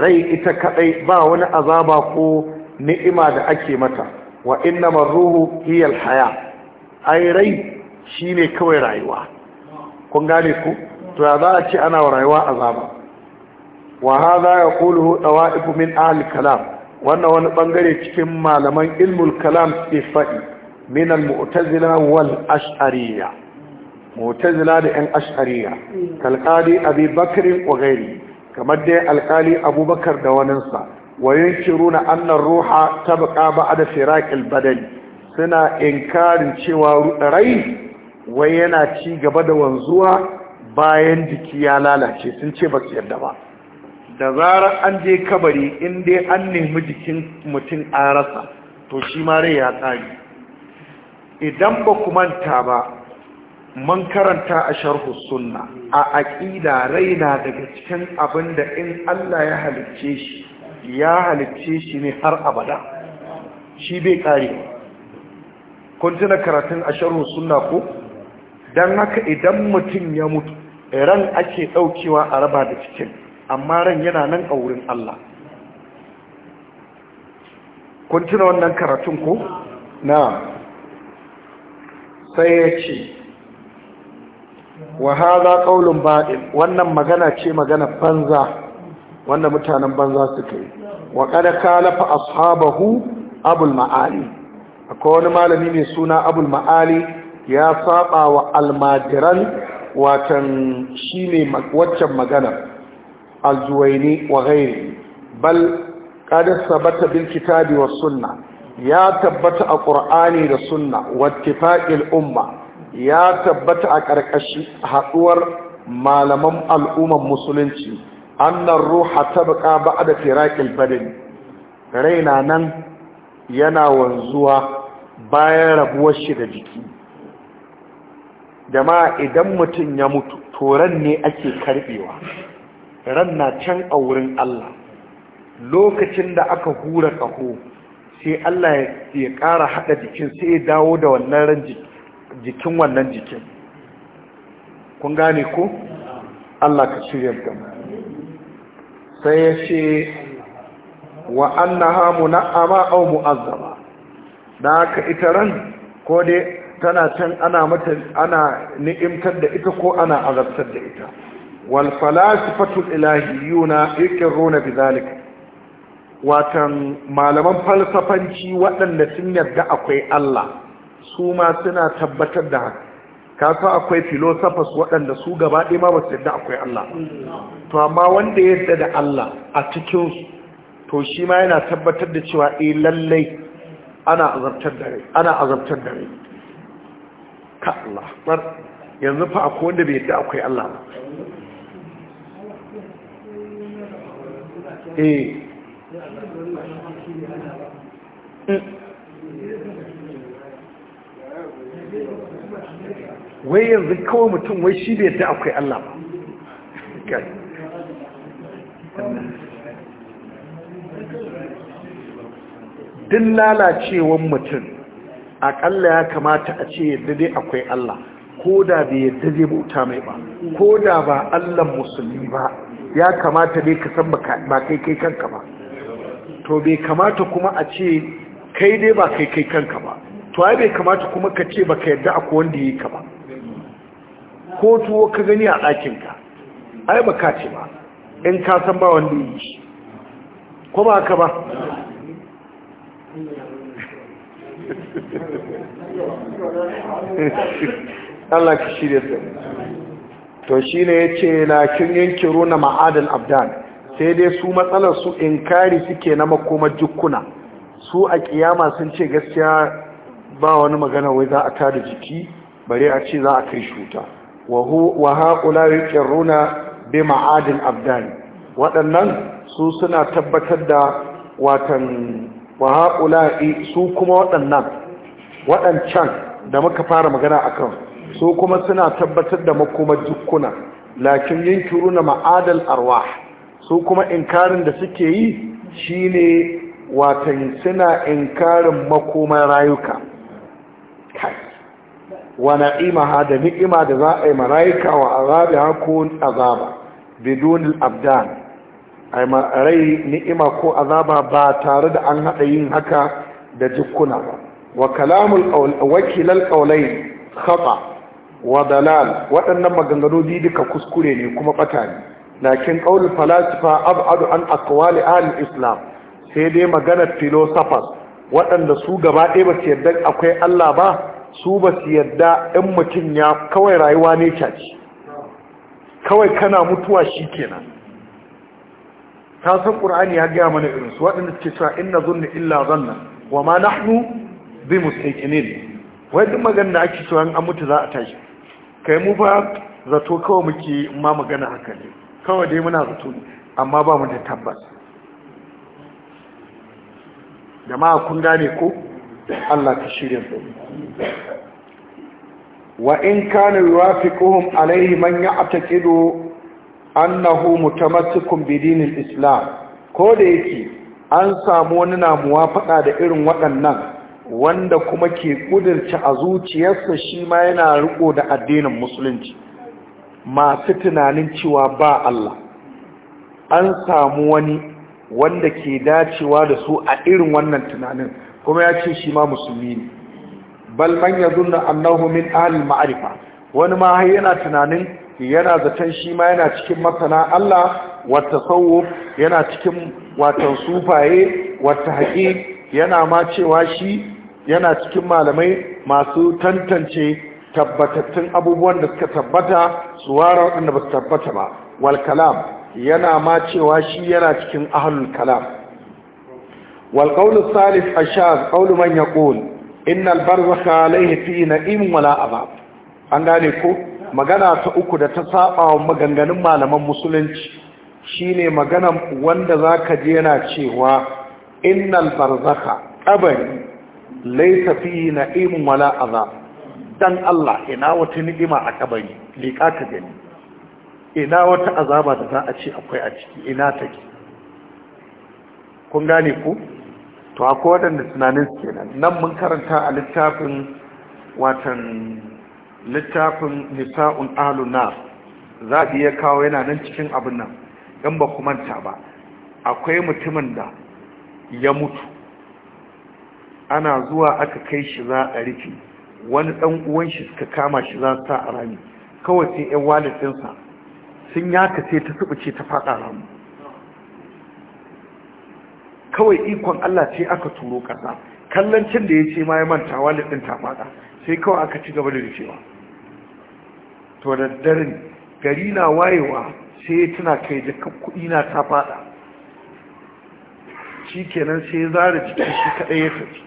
rai ita kadai ba wani azaba ko ni'ima da ake mata wa inna marruhu hiyal haya ai rai shine kawai rayuwa kun gane ku to ya za a ce ana rayuwa azaba wa hadha yaquluhu dawa'if min ahli kalam wannan wani bangare cikin malaman ilmul kalam ke faɗi min al-mu'tazila wal ash'ariyya mu'tazila da yan ash'ariyya kalqadi abi bakr wa ghairi kamar dai alkali abubakar da waninsa wa yunkiruna anna ruha tabqa da firaqil badani suna inkarin cewa rai wai yana ci gaba da wanzuwa bayan jiki ya lalace sun ce ba su ba da zarar an je kabari in dai an nemi jikin mutum an rasa to shi ma rai ya tsari idan ba ku manta ba mun karanta a sharhu sunna a aƙida rai na daga cikin abin da in Allah ya halicce shi ya halitce shi ne har abada shi bai kare kun tuna karatun a sharhu suna ko don haka idan mutum ya mutu ran ake ɗaukewa a raba da cikin amma ran yana nan a wurin Allah kun tuna wannan karatun ko na sai ya ce wa haza qaulun ba'il wannan magana ce magana banza wanda mutanen banza suka yi wa kada kalafa ashabahu abul ma'ali akwai wani malami mai suna abul ma'ali ya saba wa almajiran watan shi ne waccan magana aljuwaini wa gairi bal kada sabata bil kitabi wa sunna ya tabbata a ƙur'ani da sunna wattifaƙil umma ya tabbata a ƙarƙashin haɗuwar malaman al'umman musulunci annar ruha tabqa ba'da firaqil rai raina nan yana wanzuwa bayan rabuwar shi da jiki jama'a idan mutum ya mutu ran ne ake karbewa ran na can a wurin Allah lokacin da aka hura kaho sai Allah ya ƙara haɗa jikin sai ya dawo da wannan ran jikin wannan jikin kun gane ko Allah ka shirya gama sai ya ce wa annaha muna'ama aw mu'azzama da haka ita ran ko dai tana can ana mata ana ni'imtar da ita ko ana azabtar da ita wal falasifatu ilahiyuna yaqirruna bidhalik watan malaman falsafanci waɗanda sun yarda akwai Allah su ma suna tabbatar da haka kasa akwai filosofas waɗanda su gaba ɗaya ma ba su yadda akwai Allah to amma wanda ya yadda da Allah a cikin to shi ma yana tabbatar da cewa e lallai ana azabtar da rai ana azabtar da rai ka Allah yanzu fa akwai wanda bai yadda akwai Allah ba eh mm. wai yanzu kawai mutum wai shi bai da akwai Allah ba din lalacewan mutum akalla ya kamata a ce yadda dai akwai Allah ko da bai yadda zai bauta mai ba ko da ba Allah musulmi ba ya kamata dai ka san ba kai kai kanka ba to bai kamata kuma a ce kai dai ba kai kai kanka ba to ai bai kamata kuma ka ce ba ka yadda akwai wanda yi ka ba ko tuwo ka gani a ɗakinka ai ba ka ce ba in ka san ba wanda yi shi ko ba ka ba Allah ka shirya sai. to shi ne ya ce lakin yanki runa ma'adin abdan sai dai su matsalar su inkari suke na makomar jikuna su a kiyama sun ce gaskiya ba wani magana wai za a tada jiki bare a ce za a kai shuta wa haƙula yuƙirruna bi ma'adin abdani waɗannan su suna tabbatar da watan wa haƙula su kuma waɗannan waɗancan da muka fara magana a kan su kuma suna tabbatar da makomar dukkuna lakin yin runa ma'adin arwa su kuma inkarin da suke yi shine watan suna inkarin makomar rayuka wa na'imaha da ni'ima da za a yi malaika wa azabiha ko azaba bidun abdan ai rai ni'ima ko azaba ba tare da an hada yin haka da jikuna ba wa kalamul qawl wakil khata wa dalal waɗannan maganganu biyu duka kuskure ne kuma bata ne lakin qaulul falasifa ab'adu an aqwali ahli islam sai dai maganar philosophers waɗanda su gaba ɗaya ba su yarda akwai Allah ba su ba su yadda ɗan mutum ya kawai rayuwa ne caci, kawai kana mutuwa shi kenan ta san ƙur'ani ya gaya mana irin su waɗanda suke cewa ina zunni illa zanna wa ma zai musaiki ne ne, duk magana da ake cewa an mutu za a tashi kai mu ba zato kawai muke ma magana haka ne kawai dai muna zato ne amma ba mu da tabbas jama'a kun ne ko Allah ka shirya su wa in kana yuwafiquhum alayhi man ya'taqidu annahu mutamassikun bi dinil islam ko da yake an samu wani na faɗa da irin waɗannan wanda kuma ke kudirce a zuciyarsa shi ma yana riko da addinin musulunci masu tunanin cewa ba Allah an samu wani wanda ke dacewa da su a irin wannan tunanin kuma ya ce shi ma musulmi ne bal man yadhunnu annahu min ahli ma'rifa wani ma yana tunanin yana zaton shi ma yana cikin masana Allah wa tasawuf yana cikin watan sufaye wa tahqiq yana ma cewa shi yana cikin malamai masu tantance tabbatattun abubuwan da suka tabbata suwara waɗanda ba su tabbata ba wal kalam yana ma cewa shi yana cikin ahlul kalam والقول الثالث الشاذ قول من يقول ان البرزخ عليه في نعيم ولا عذاب an gane ko magana ta uku da ta saba wa maganganun malaman musulunci shine magana wanda zaka je yana cewa innal barzakha qabri laysa fi na'im wala azab dan Allah ina wata ni'ima a kabari lika ka gani ina wata azaba da za a ce akwai a ciki ina take kun gane ku to akwai waɗanda tunanin su kenan nan mun karanta a littafin watan littafin nisa'un aluna za a iya kawo yana nan cikin abin nan in ba manta ba akwai mutumin da ya mutu ana zuwa aka kai shi za a rufe wani ɗan uwan shi suka kama shi za su ta a rami kawai sai 'yan walitinsa sun yaka sai ta subuce ta faɗa ramu kawai ikon Allah ce aka turo kasa kallon cin da ya ce ma ya manta wani ɗin ta fada sai kawai aka ci gaba da rikewa to da daren gari na wayewa sai ya tuna kai da kuɗi na ta fada shi kenan sai ya zara jiki shi kaɗai ya tafi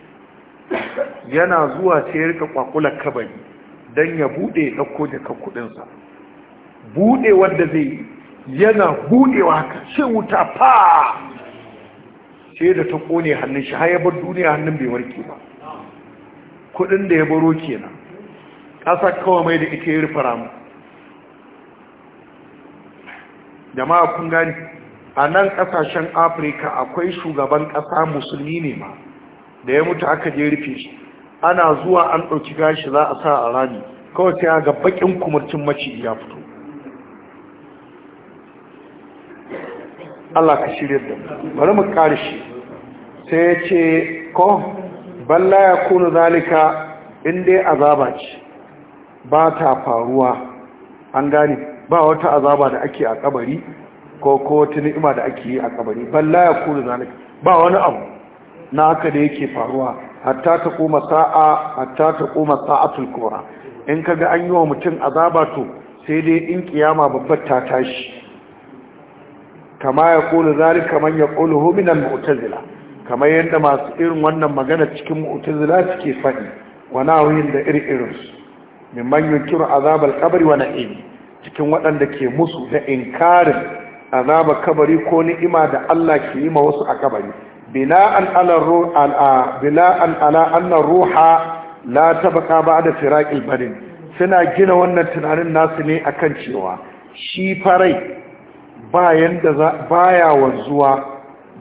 yana zuwa sai ya rika kwakulan kabari don ya buɗe ya ɗauko da kuɗinsa buɗe wanda zai yana buɗewa ka ce wuta fa sai da ta kone hannun shi har ya duniya hannun bai warke ba kudin da ya baro kenan ƙasa kawai mai da ita ya rufe ramu jama'a kun gani a nan ƙasashen afirka akwai shugaban ƙasa musulmi ne ma da ya mutu aka je rufe shi ana zuwa an ɗauki gashi za a sa a rami kawai sai ga bakin kumurcin maciji ya fito Allah ka shirya da bari mu ƙarshe sai ya ce ko balla ya kunu zalika inda azaba ce ba ta faruwa an gane ba wata azaba da ake a kabari ko ko wata ni'ima da ake yi a kabari balla ya kunu zalika ba wani abu na haka da yake faruwa hatta ta koma sa'a hatta ta koma sa'atul kubra in kaga an yi wa mutum azaba to sai dai in kiyama babbar ta tashi kama ya kulu zalika man ya kulu hu minal mu'tazila kamar yadda masu irin wannan magana cikin mu'tazila suke faɗi wa nawiyin da iri irin su min man yunkiru azab kabari wa na'imi cikin waɗanda ke musu da inkarin azabar kabari ko ni'ima da Allah ke yi ma wasu a kabari bila ala ruha bina'an ala anna ruha la tabqa ba'da firaqil badin suna gina wannan tunanin nasu ne akan cewa shi farai bayan da baya wanzuwa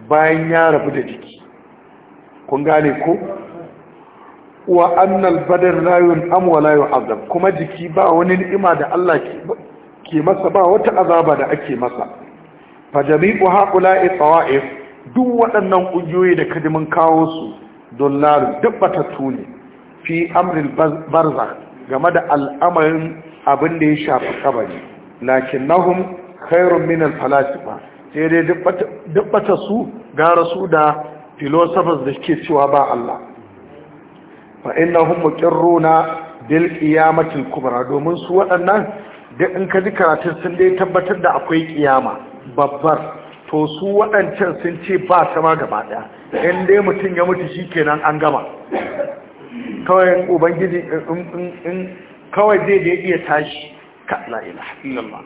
bayan ya rabu da jiki kun gane ko wa annal badar la yun'am wa la kuma jiki ba wani ni'ima da Allah ke masa ba wata azaba da ake masa fa jami'u haula'i tawa'if duk waɗannan kungiyoyi da kadimin kawo su dollar duk tuni, fi amril barza, game da al'amarin abin da ya shafi kabari lakinnahum khairun min al-falasifa sai dai duk su gara su da Filosofas da ke cewa ba Allah fa innahum muqirruna bil qiyamatil kubra domin su waɗannan da in ka ji karatun sun dai tabbatar da akwai kiyama babbar to su waɗancan sun ce ba ta ma gaba ɗaya in dai mutum ya mutu shi kenan an gama kawai ubangiji in kawai zai da iya tashi ka la ilaha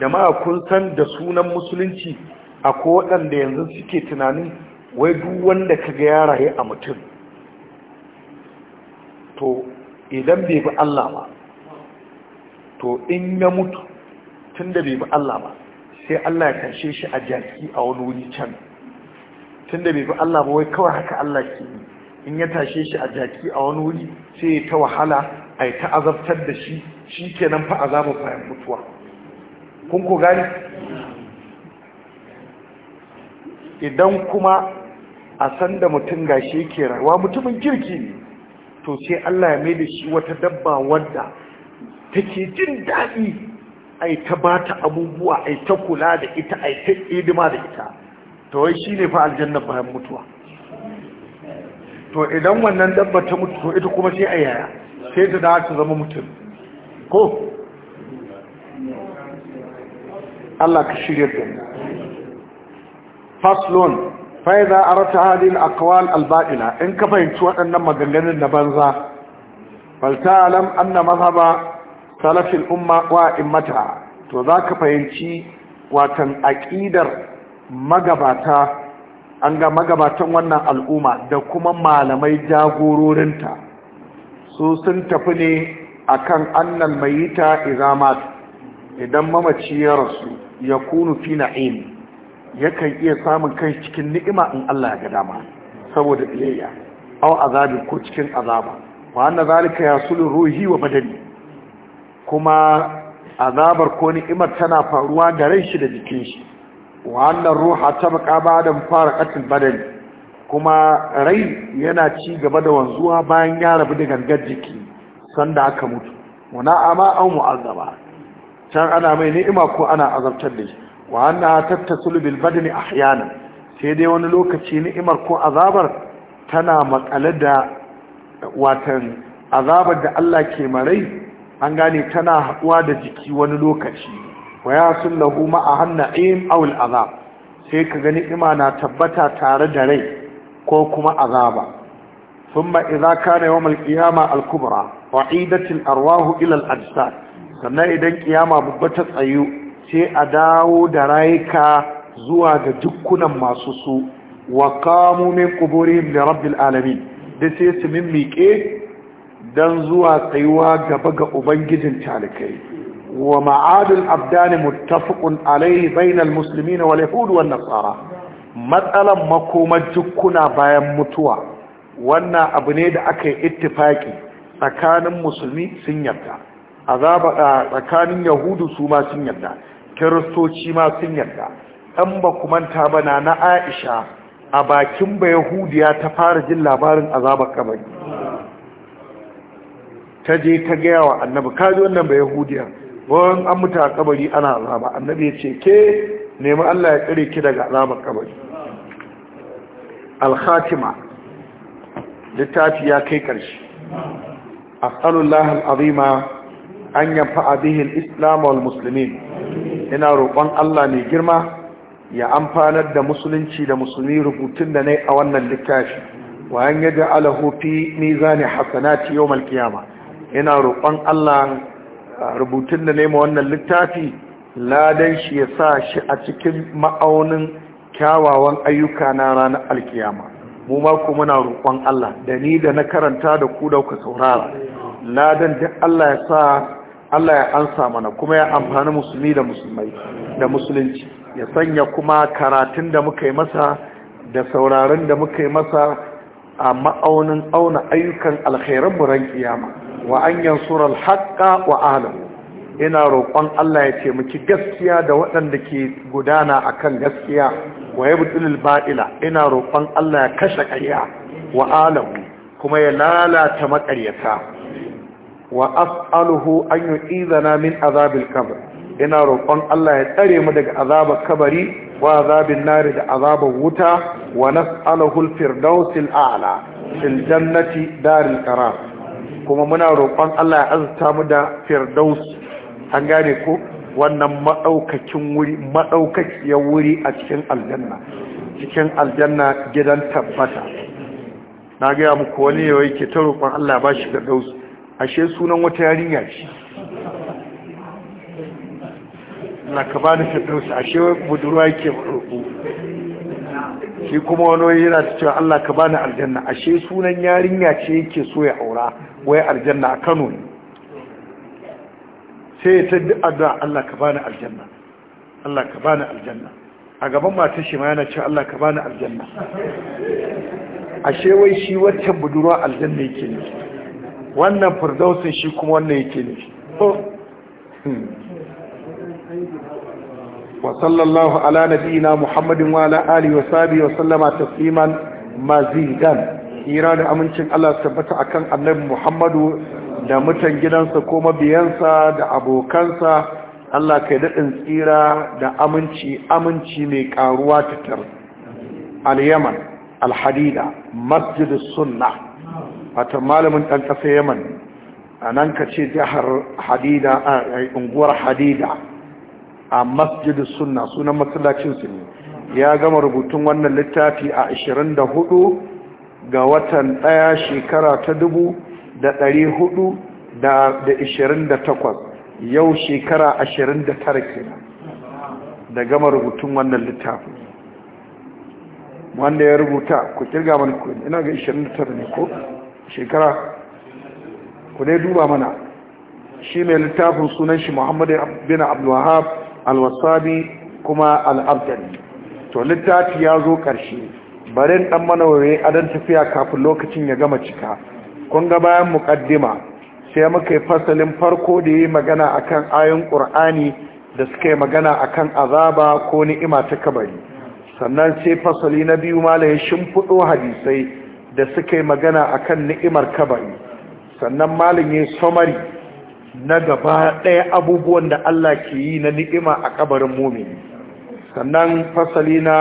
jama'a kun san da sunan musulunci akwai waɗanda yanzu suke tunanin wai duk wanda ka ga ya rayu a mutum to idan bai bi Allah ba to in ya mutu tun da bai bi Allah ba sai Allah ya kashe shi a jaki a wani wuri can tun da bai bi Allah ba wai kawai haka Allah ke yi in ya tashe shi a jaki a wani wuri sai ya ta wahala a yi ta azabtar da shi shi nan fa azabar bayan mutuwa kun ku gani idan kuma a san da mutum gashi yake rayuwa mutumin kirki ne to sai Allah ya mai da shi wata dabba wadda take jin daɗi yi ta ba ta abubuwa yi ta kula da ita yi ta idima da ita to wai shi ne fa aljanna bayan mutuwa to idan wannan dabba ta mutu ita kuma sai a yaya sai ta da ta zama mutum ko Allah ka shirya da mu faslon fa'ida a rata halin kawal alba'ina in ka fahimci waɗannan maganganun na banza falta alam anna mazhaba salafin umma wa mata, to za ka fahimci watan aƙidar magabata an ga magabatan wannan al'umma da kuma malamai jagororinta su sun tafi ne a kan annan mayita izamat idan mamaci ya rasu ya kunu fi yakan iya samun kai cikin ni'ima in Allah ya ga dama saboda biyayya aw azabi ko cikin azaba wa anna zalika yasulu ruhi wa badani kuma azabar ko ni'imar tana faruwa da rai shi da jikin shi wa anna ruha tabqa ba'da mufaraqatil badani kuma rai yana ci gaba da wanzuwa bayan ya rabu da gangar jiki sanda aka mutu wa ama aw mu'azzaba can ana mai ni'ima ko ana azabtar da shi wa anna tattasul bil badani ahyana sai dai wani lokaci ni'imar ko azabar tana makale da watan azabar da Allah ke marai an gane tana haɗuwa da jiki wani lokaci wa ya sun lahu ma'ahan awul azab sai ka gani ni'ima na tabbata tare da rai ko kuma azaba sun ba iza kare wa malkiyama alkubra wa idatil arwahu ilal ajsad sannan idan kiyama babba ta tsayu sai a dawo da rayuka zuwa ga dukkunan masu su wa kamu min da rabbil alamin da sai su mimmiƙe don zuwa tsayuwa gaba ga ubangijin talikai wa ma'adul abdani muttafiqun alaihi bainal muslimina wal yahud wan nasara matsalan makomar dukkuna bayan mutuwa wannan abu ne da aka yi ittifaki tsakanin musulmi sun yarda azaba tsakanin yahudu su ma sun yarda kiristoci ma sun yarda ɗan ba ku manta bana na aisha a bakin ba yahudiya ta fara jin labarin azabar kabari ta je ta gaya wa annabi kaji wannan ba yahudiya wani an mutu a kabari ana azaba annabi ya ce ke nemi allah ya tsare ki daga azabar kabari alhatima littafi ya kai ƙarshe asalullah al'azima an yanfa bihi al-islam muslimin ina roƙon Allah mai girma ya amfanar da musulunci da musulmi rubutun da na a wannan littafi wa an yaj'alahu fi mizani hasanati yau al ina roƙon Allah rubutun da nayi wannan littafi ladan shi ya sa shi a cikin ma'aunin kyawawan ayyuka na ranar alkiyama mu ma ku muna roƙon Allah da ni da na karanta da ku dauka saurara ladan duk Allah ya sa Allah ya ansa mana kuma ya amfani musulmi da musulmai da musulunci ya sanya kuma karatun da muka yi masa da sauraron da muka yi masa a ma'aunin auna ayyukan alkhairan buran kiyama wa an yansura alhaqqa wa ahlihi ina roƙon Allah ya taimaki gaskiya da waɗanda ke gudana akan gaskiya wa yabtilul ba'ila ina roƙon Allah ya kashe ƙarya wa alahu kuma ya lalata maƙaryata wa as'aluhu an yu'izana min azabil qabr ina roƙon Allah ya tsare mu daga azabar kabari wa azabin nari da azabar wuta wa nas'aluhu al-firdaus al-a'la fil jannati daril qarar kuma muna roƙon Allah ya azurta mu da firdaus an gane ko wannan madaukakin wuri madaukakiyar wuri a cikin aljanna cikin aljanna gidan tabbata na ga muku wani yayi ke ta roƙon Allah ya bashi firdaus ashe sunan wata yarinya ce na ka ba da fitinsu ashe budurwa yake roƙo shi kuma wani yana ta cewa Allah ka bani aljanna ashe sunan yarinya ce yake so ya aura wai aljanna a Kano ne sai ya taddi addu'a Allah ka bani aljanna Allah ka bani aljanna a gaban mata shi ma yana cewa Allah ka bani aljanna ashe wai shi wacce budurwa aljanna yake ne wannan firdausin shi kuma wannan yake ne hmm. ala muhammadin wa ala نبينا wa وعلى wa sallama tasliman mazidan مزيدا da amincin Allah tabbata akan annabi Muhammadu da mutan gidansa ko mabiyansa da abokansa Allah kai daɗin tsira da aminci aminci mai ƙaruwa tar al-Yaman al-Hadida masjidus sunnah wata malamin ɗan ƙasa yaman a nan ka ce jihar hadida a unguwar hadida a masjidu suna sunan masallacinsu ne ya gama rubutun wannan littafi a 24 ga watan ɗaya shekara ta dubu da ɗari hudu da ishirin da takwas yau shekara ashirin da tara ke da gama rubutun wannan littafi wanda ya rubuta ku kirga mani kuwa ina ga ishirin da tara ne ko? shekara ku dai duba mana shi mai littafin sunan shi muhammadu bin abdullahab alwasabi kuma al'abdani to littafi ya zo ƙarshe barin ɗan a dan tafiya kafin lokacin ya gama cika kun ga bayan muƙaddima sai muka yi fasalin farko da yi magana a kan ayon ƙur'ani da suka yi magana a kan azaba ko ni'ima ta kabari sannan sai fasali na biyu malaye shimfiɗo hadisai da suka yi magana a kan ni'imar kabari sannan malin yin somari na gaba ɗaya abubuwan da Allah ke yi na ni'ima a kabarin mumini sannan fasali na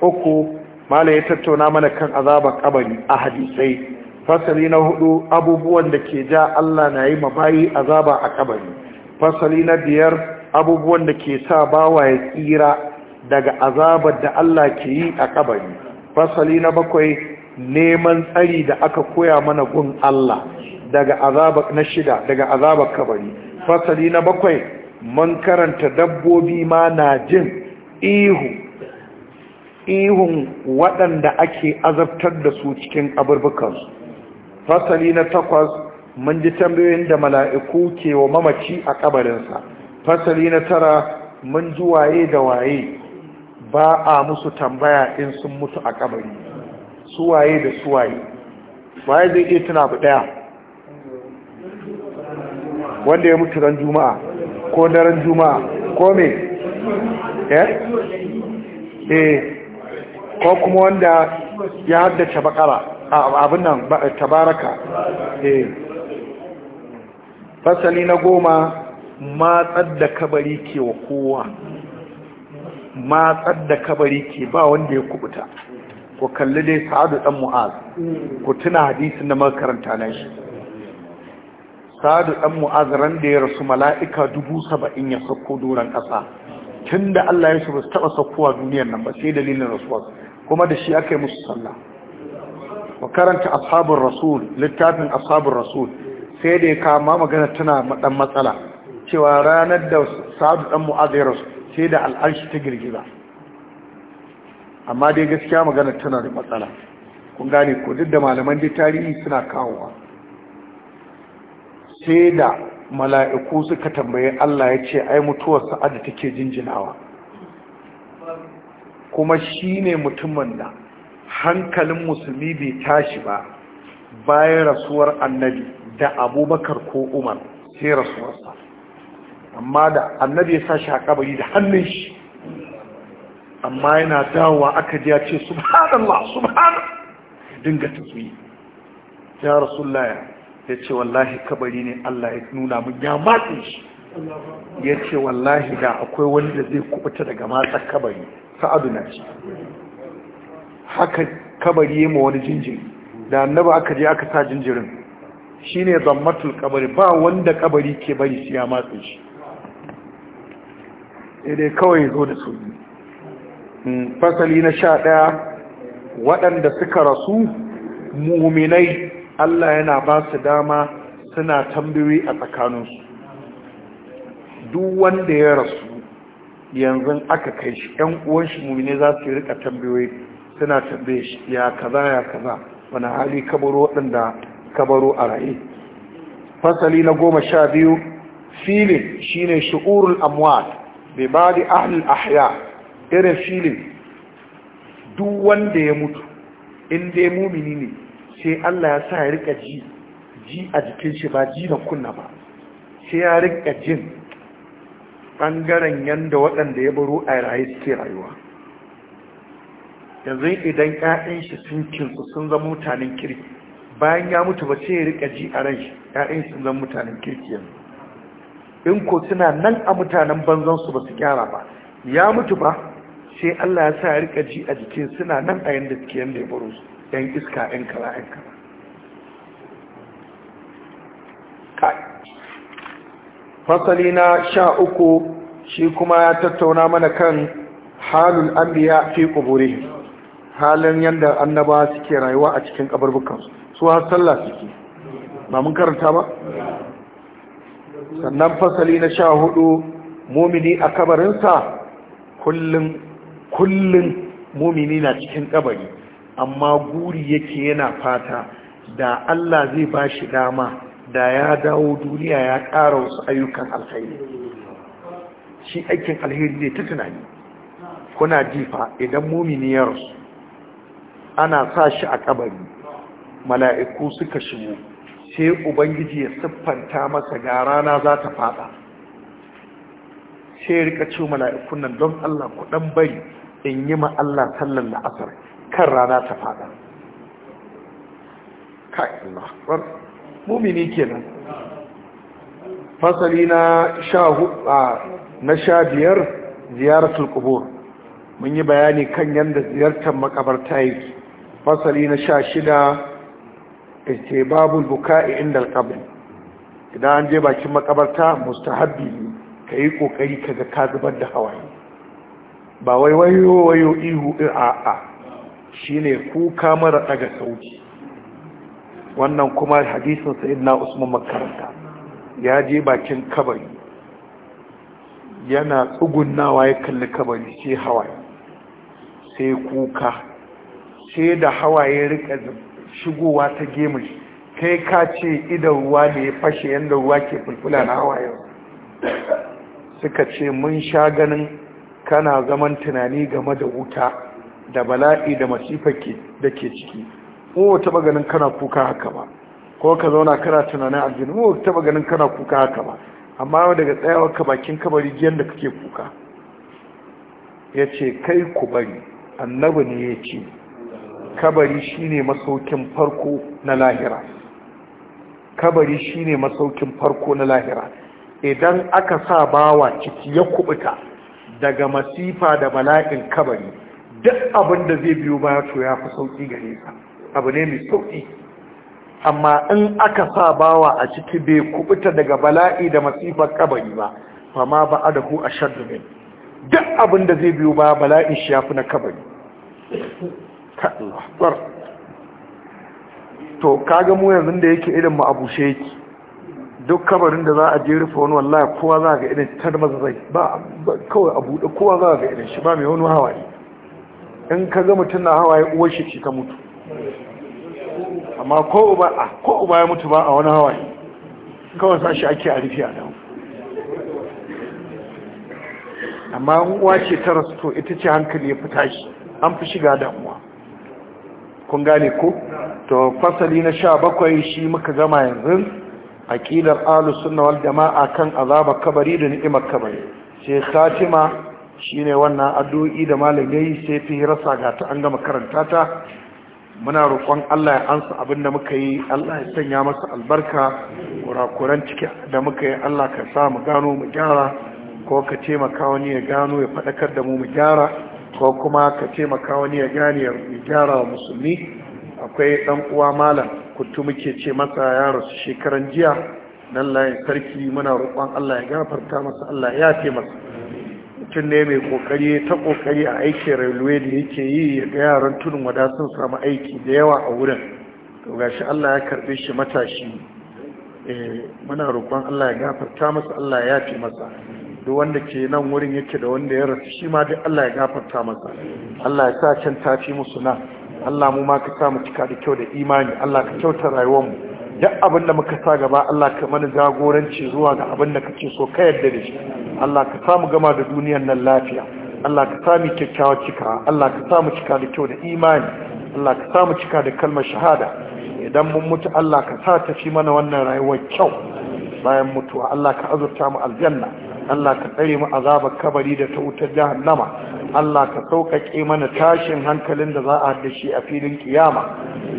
uku malin ya tattauna mana kan azabar kabari a hadisai fasali na hudu abubuwan da ke ja Allah na yi mabayi azaba a kabari fasali na biyar abubuwan da ke sa bawa ya tsira daga azabar da Allah ke yi a kabari fasali na bakwai neman tsari da aka koya mana gun Allah daga azaba na shida daga azabar kabari fasali na bakwai man karanta dabbobi ma na jin ihu ihun waɗanda ake azabtar da su cikin aburbukansu fasali na takwas mun ji tambayoyin da mala'iku ke wa mamaci a kabarinsa fasali na tara mun ji waye da waye ba a musu tambaya in sun mutu a kabari suwaye da suwaye waye zai iya tuna ba daya wanda ya mutu ran juma'a ko daren juma'a ko me eh eh ko kuma wanda ya haddace bakara abin nan tabaraka eh fasali na goma matsar da kabari ke wa kowa matsar da kabari ke ba wanda ya kubuta ku kalli dai sa'adu dan mu'az ku tuna hadisin da makaranta karanta nan shi sa'adu dan mu'az ran da ya rasu mala'ika dubu saba'in ya sauko doron ƙasa tun Allah ya su ba su taɓa saukowa duniyar nan ba sai dalilin rasuwa kuma da shi aka yi musu sallah ku karanta ashabin rasul littafin ashabin rasul sai da ya kama magana tana dan matsala cewa ranar da sa'adu dan mu'az ya rasu sai da al'arshi ta girgiza amma dai gaskiya magana tana da matsala kun gane ko duk da malaman dai tarihi suna kawowa sai da mala'iku suka tambaye Allah ya ce ai mutuwar sa'ada take jinjinawa kuma shi ne mutumin da hankalin musulmi bai tashi ba bayan rasuwar annabi da abubakar ko umar sai rasuwarsa amma da annabi ya sa shi a kabari da hannun shi amma yana dawowa aka ji ya ce subhanallah subhanallah dinga tasbihi ya rasulullahi ya ce wallahi kabari ne Allah ya nuna mun ya matse shi ya ce wallahi da akwai wani da zai kubuta daga matsa kabari sa'adu na ce haka kabari ya ma wani jinjiri da annaba aka je aka sa jinjirin shi ne zammatul kabari ba wanda kabari ke bari su ya matse shi dai kawai zo da su fasali na sha ɗaya waɗanda suka rasu muminai Allah yana ba su dama suna tambayoyi a tsakaninsu duk wanda ya rasu yanzu aka kai shi ‘yan uwan shi muminai za su yi rika tambayoyi suna tambaye shi ya kaza ya kaza wani hali kabaro waɗanda kabaro a raye fasali na goma sha biyu filin shine shi'urul amwat bai ba da ahlul ahya irin shi ne duk wanda ya mutu inda ya mumini ne sai Allah ya sa ya rika ji ji a jikin shi ba ji da kunna ba sai ya rika jin ɓangaren yadda waɗanda ya baro a rayu suke rayuwa yanzu idan 'ya'yan shi sun kinsu sun zama mutanen kirki bayan ya mutu ba sai ya rika ji a ran shi 'ya'yan sun zama mutanen kirki yanzu in ko suna nan a mutanen banzansu ba su gyara ba ya mutu ba sai Allah ya sa ya rika ji a jikin suna nan a yanda suke yanda ya baro yan iska yan kala yan kala fasali na sha uku shi kuma ya tattauna mana kan halin anbiya fi halin yadda annaba suke rayuwa a cikin kaburbukansu su har sallah suke ba mun karanta ba sannan fasali na sha hudu mumini a kabarinsa kullum kullum mumini na cikin kabari amma guri yake yana fata da Allah zai ba shi dama da ya dawo duniya ya ƙara wasu ayyukan alkhairi shi aikin alheri ne ta tunani kuna jifa idan mumini ya rasu ana sa shi a kabari mala'iku suka shigo sai ubangiji ya siffanta masa ga rana za ta fada sai rika ce mala'ikun nan don Allah ku dan bari in yi ma Allah sallan na asar kan rana ta fada kai Allah mumini kenan fasali na sha na sha biyar ziyaratul Kubur. mun yi bayani kan yadda ziyartar makabarta yake fasali na sha shida babu buka inda alqabr idan an je bakin makabarta mustahabbi ka yi kokari ga ka zubar da hawaye ba wai wayo wayo ihu a'a eh, ne kuka mara daga sauki wannan kuma hadisin na Usman makaranta ya je bakin kabari yana tsugunawa ya kalli kabari sai hawaye sai kuka sai da hawaye rika shigowa ta gemu. kai ka ce idan ruwa ne ya fashe yadda ruwa ke fulfula na hawaye suka ce mun sha ganin kana zaman tunani game da wuta da bala'i da masifar da ke ciki ko taba ganin kana kuka haka ba ko ka zauna kana tunanin aljini ko taba ganin kana kuka haka ba amma daga tsayawar ka bakin kabari jiyan da kake kuka ya ce kai ku bari annabi ne ya ce kabari shine masaukin farko na lahira kabari shine masaukin farko na lahira idan aka sa bawa ciki ya kubuta daga masifa da bala'in kabari duk abin da zai biyo ba to ya fi sauƙi gare sa abu ne mai sauƙi amma in aka sa bawa a ciki bai kubuta daga bala'i da masifar kabari ba ma ba a da ku a shaddumin duk abin da zai biyo ba bala'in shi ya fi na kabari to kaga mu yanzu da yake irin mu abu sheki duk kabarin da za a je rufe wani wallahi kowa za a ga irin tar maza zai ba kawai a buɗe kowa za a ga irin shi ba mai wani hawaye in ka ga mutum na hawaye uwar shi ce ta mutu amma ko uba ya mutu ba a wani hawaye kawai sa shi ake a rufe a nan amma uwa ce ta rasu to ita ce hankali ya fita shi an fi shiga damuwa kun gane ko to fasali na sha bakwai shi muka gama yanzu Aƙilar Alu sunna wal jama'a kan azaba kabari da ni'imar kabari sai khatima shine wannan addu'i da malamai sai fi rasa ga ta an gama karanta ta muna roƙon Allah ya ansa abin da muka yi Allah ya sanya masa albarka kurakuran ciki da muka yi Allah ka sa mu gano mu gyara ko ka taimaka wani ya gano ya faɗakar da mu mu gyara ko kuma ka taimaka wani ya gane ya gyara wa musulmi akwai ɗan uwa malam kuttu muke ce masa ya rasu shekaran jiya nan layin sarki muna roƙon Allah ya gafarta masa Allah ya ce masa mutum ne mai kokari ta kokari a aiki railway da yake yi ga yaran tudun wada sun samu aiki da yawa a wurin to gashi Allah ya karbe shi matashi eh, muna roƙon Allah ya gafarta masa Allah ya ce masa duk wanda ke nan wurin yake da wanda ya rasu shi ma duk Allah ya gafarta masa Allah ya sa can tafi musu nan Allah mu ma ka sa mu cika da kyau da imani Allah ka kyauta rayuwar mu duk abin da muka sa gaba Allah ka mana jagoranci zuwa ga abin da kake so ka yarda da shi Allah ka sa mu gama da duniyar nan lafiya Allah ka sa mu kyakkyawa cika Allah ka sa mu cika da kyau da imani Allah ka sa mu cika da kalmar shahada idan mun mutu Allah ka sa ta fi mana wannan rayuwar kyau bayan mutuwa Allah ka azurta mu aljanna Allah ka tsare mu azabar kabari da ta wutar jahannama Allah ka sauƙaƙe mana tashin hankalin da za a da shi a filin kiyama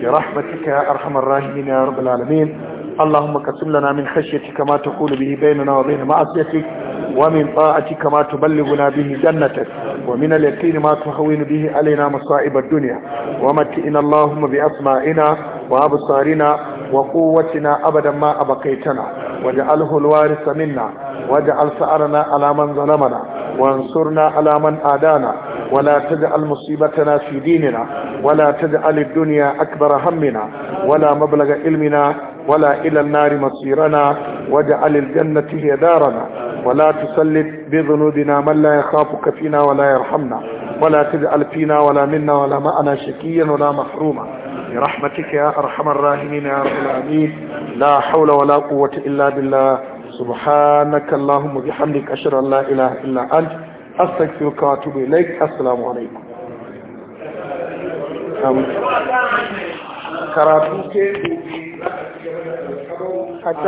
ya rahmatika ya arhamar rahimin ya rabbul alamin Allahumma qasim lana min khashyati kama taqulu bihi bainana wa bain ma'asiyati wa min ta'ati kama tuballighuna bihi jannatak wa min al-yaqini ma tuhawwinu bihi alaina masa'ib ad-dunya wa matti'na Allahumma bi asma'ina wa absarina وقوتنا أبدا ما أبقيتنا واجعله الوارث منا واجعل ثأرنا على من ظلمنا وانصرنا على من آدانا ولا تجعل مصيبتنا في ديننا ولا تجعل الدنيا أكبر همنا ولا مبلغ علمنا ولا إلى النار مصيرنا واجعل الجنة هي دارنا ولا تسلط بذنوبنا من لا يخافك فينا ولا يرحمنا ولا تجعل فينا ولا منا ولا معنا شكيا ولا محروما برحمتك يا أرحم الراحمين يا رب العالمين لا حول ولا قوة إلا بالله سبحانك اللهم وبحمدك أشهد أن لا إله إلا أنت أستغفرك وأتوب إليك السلام عليكم karatu ke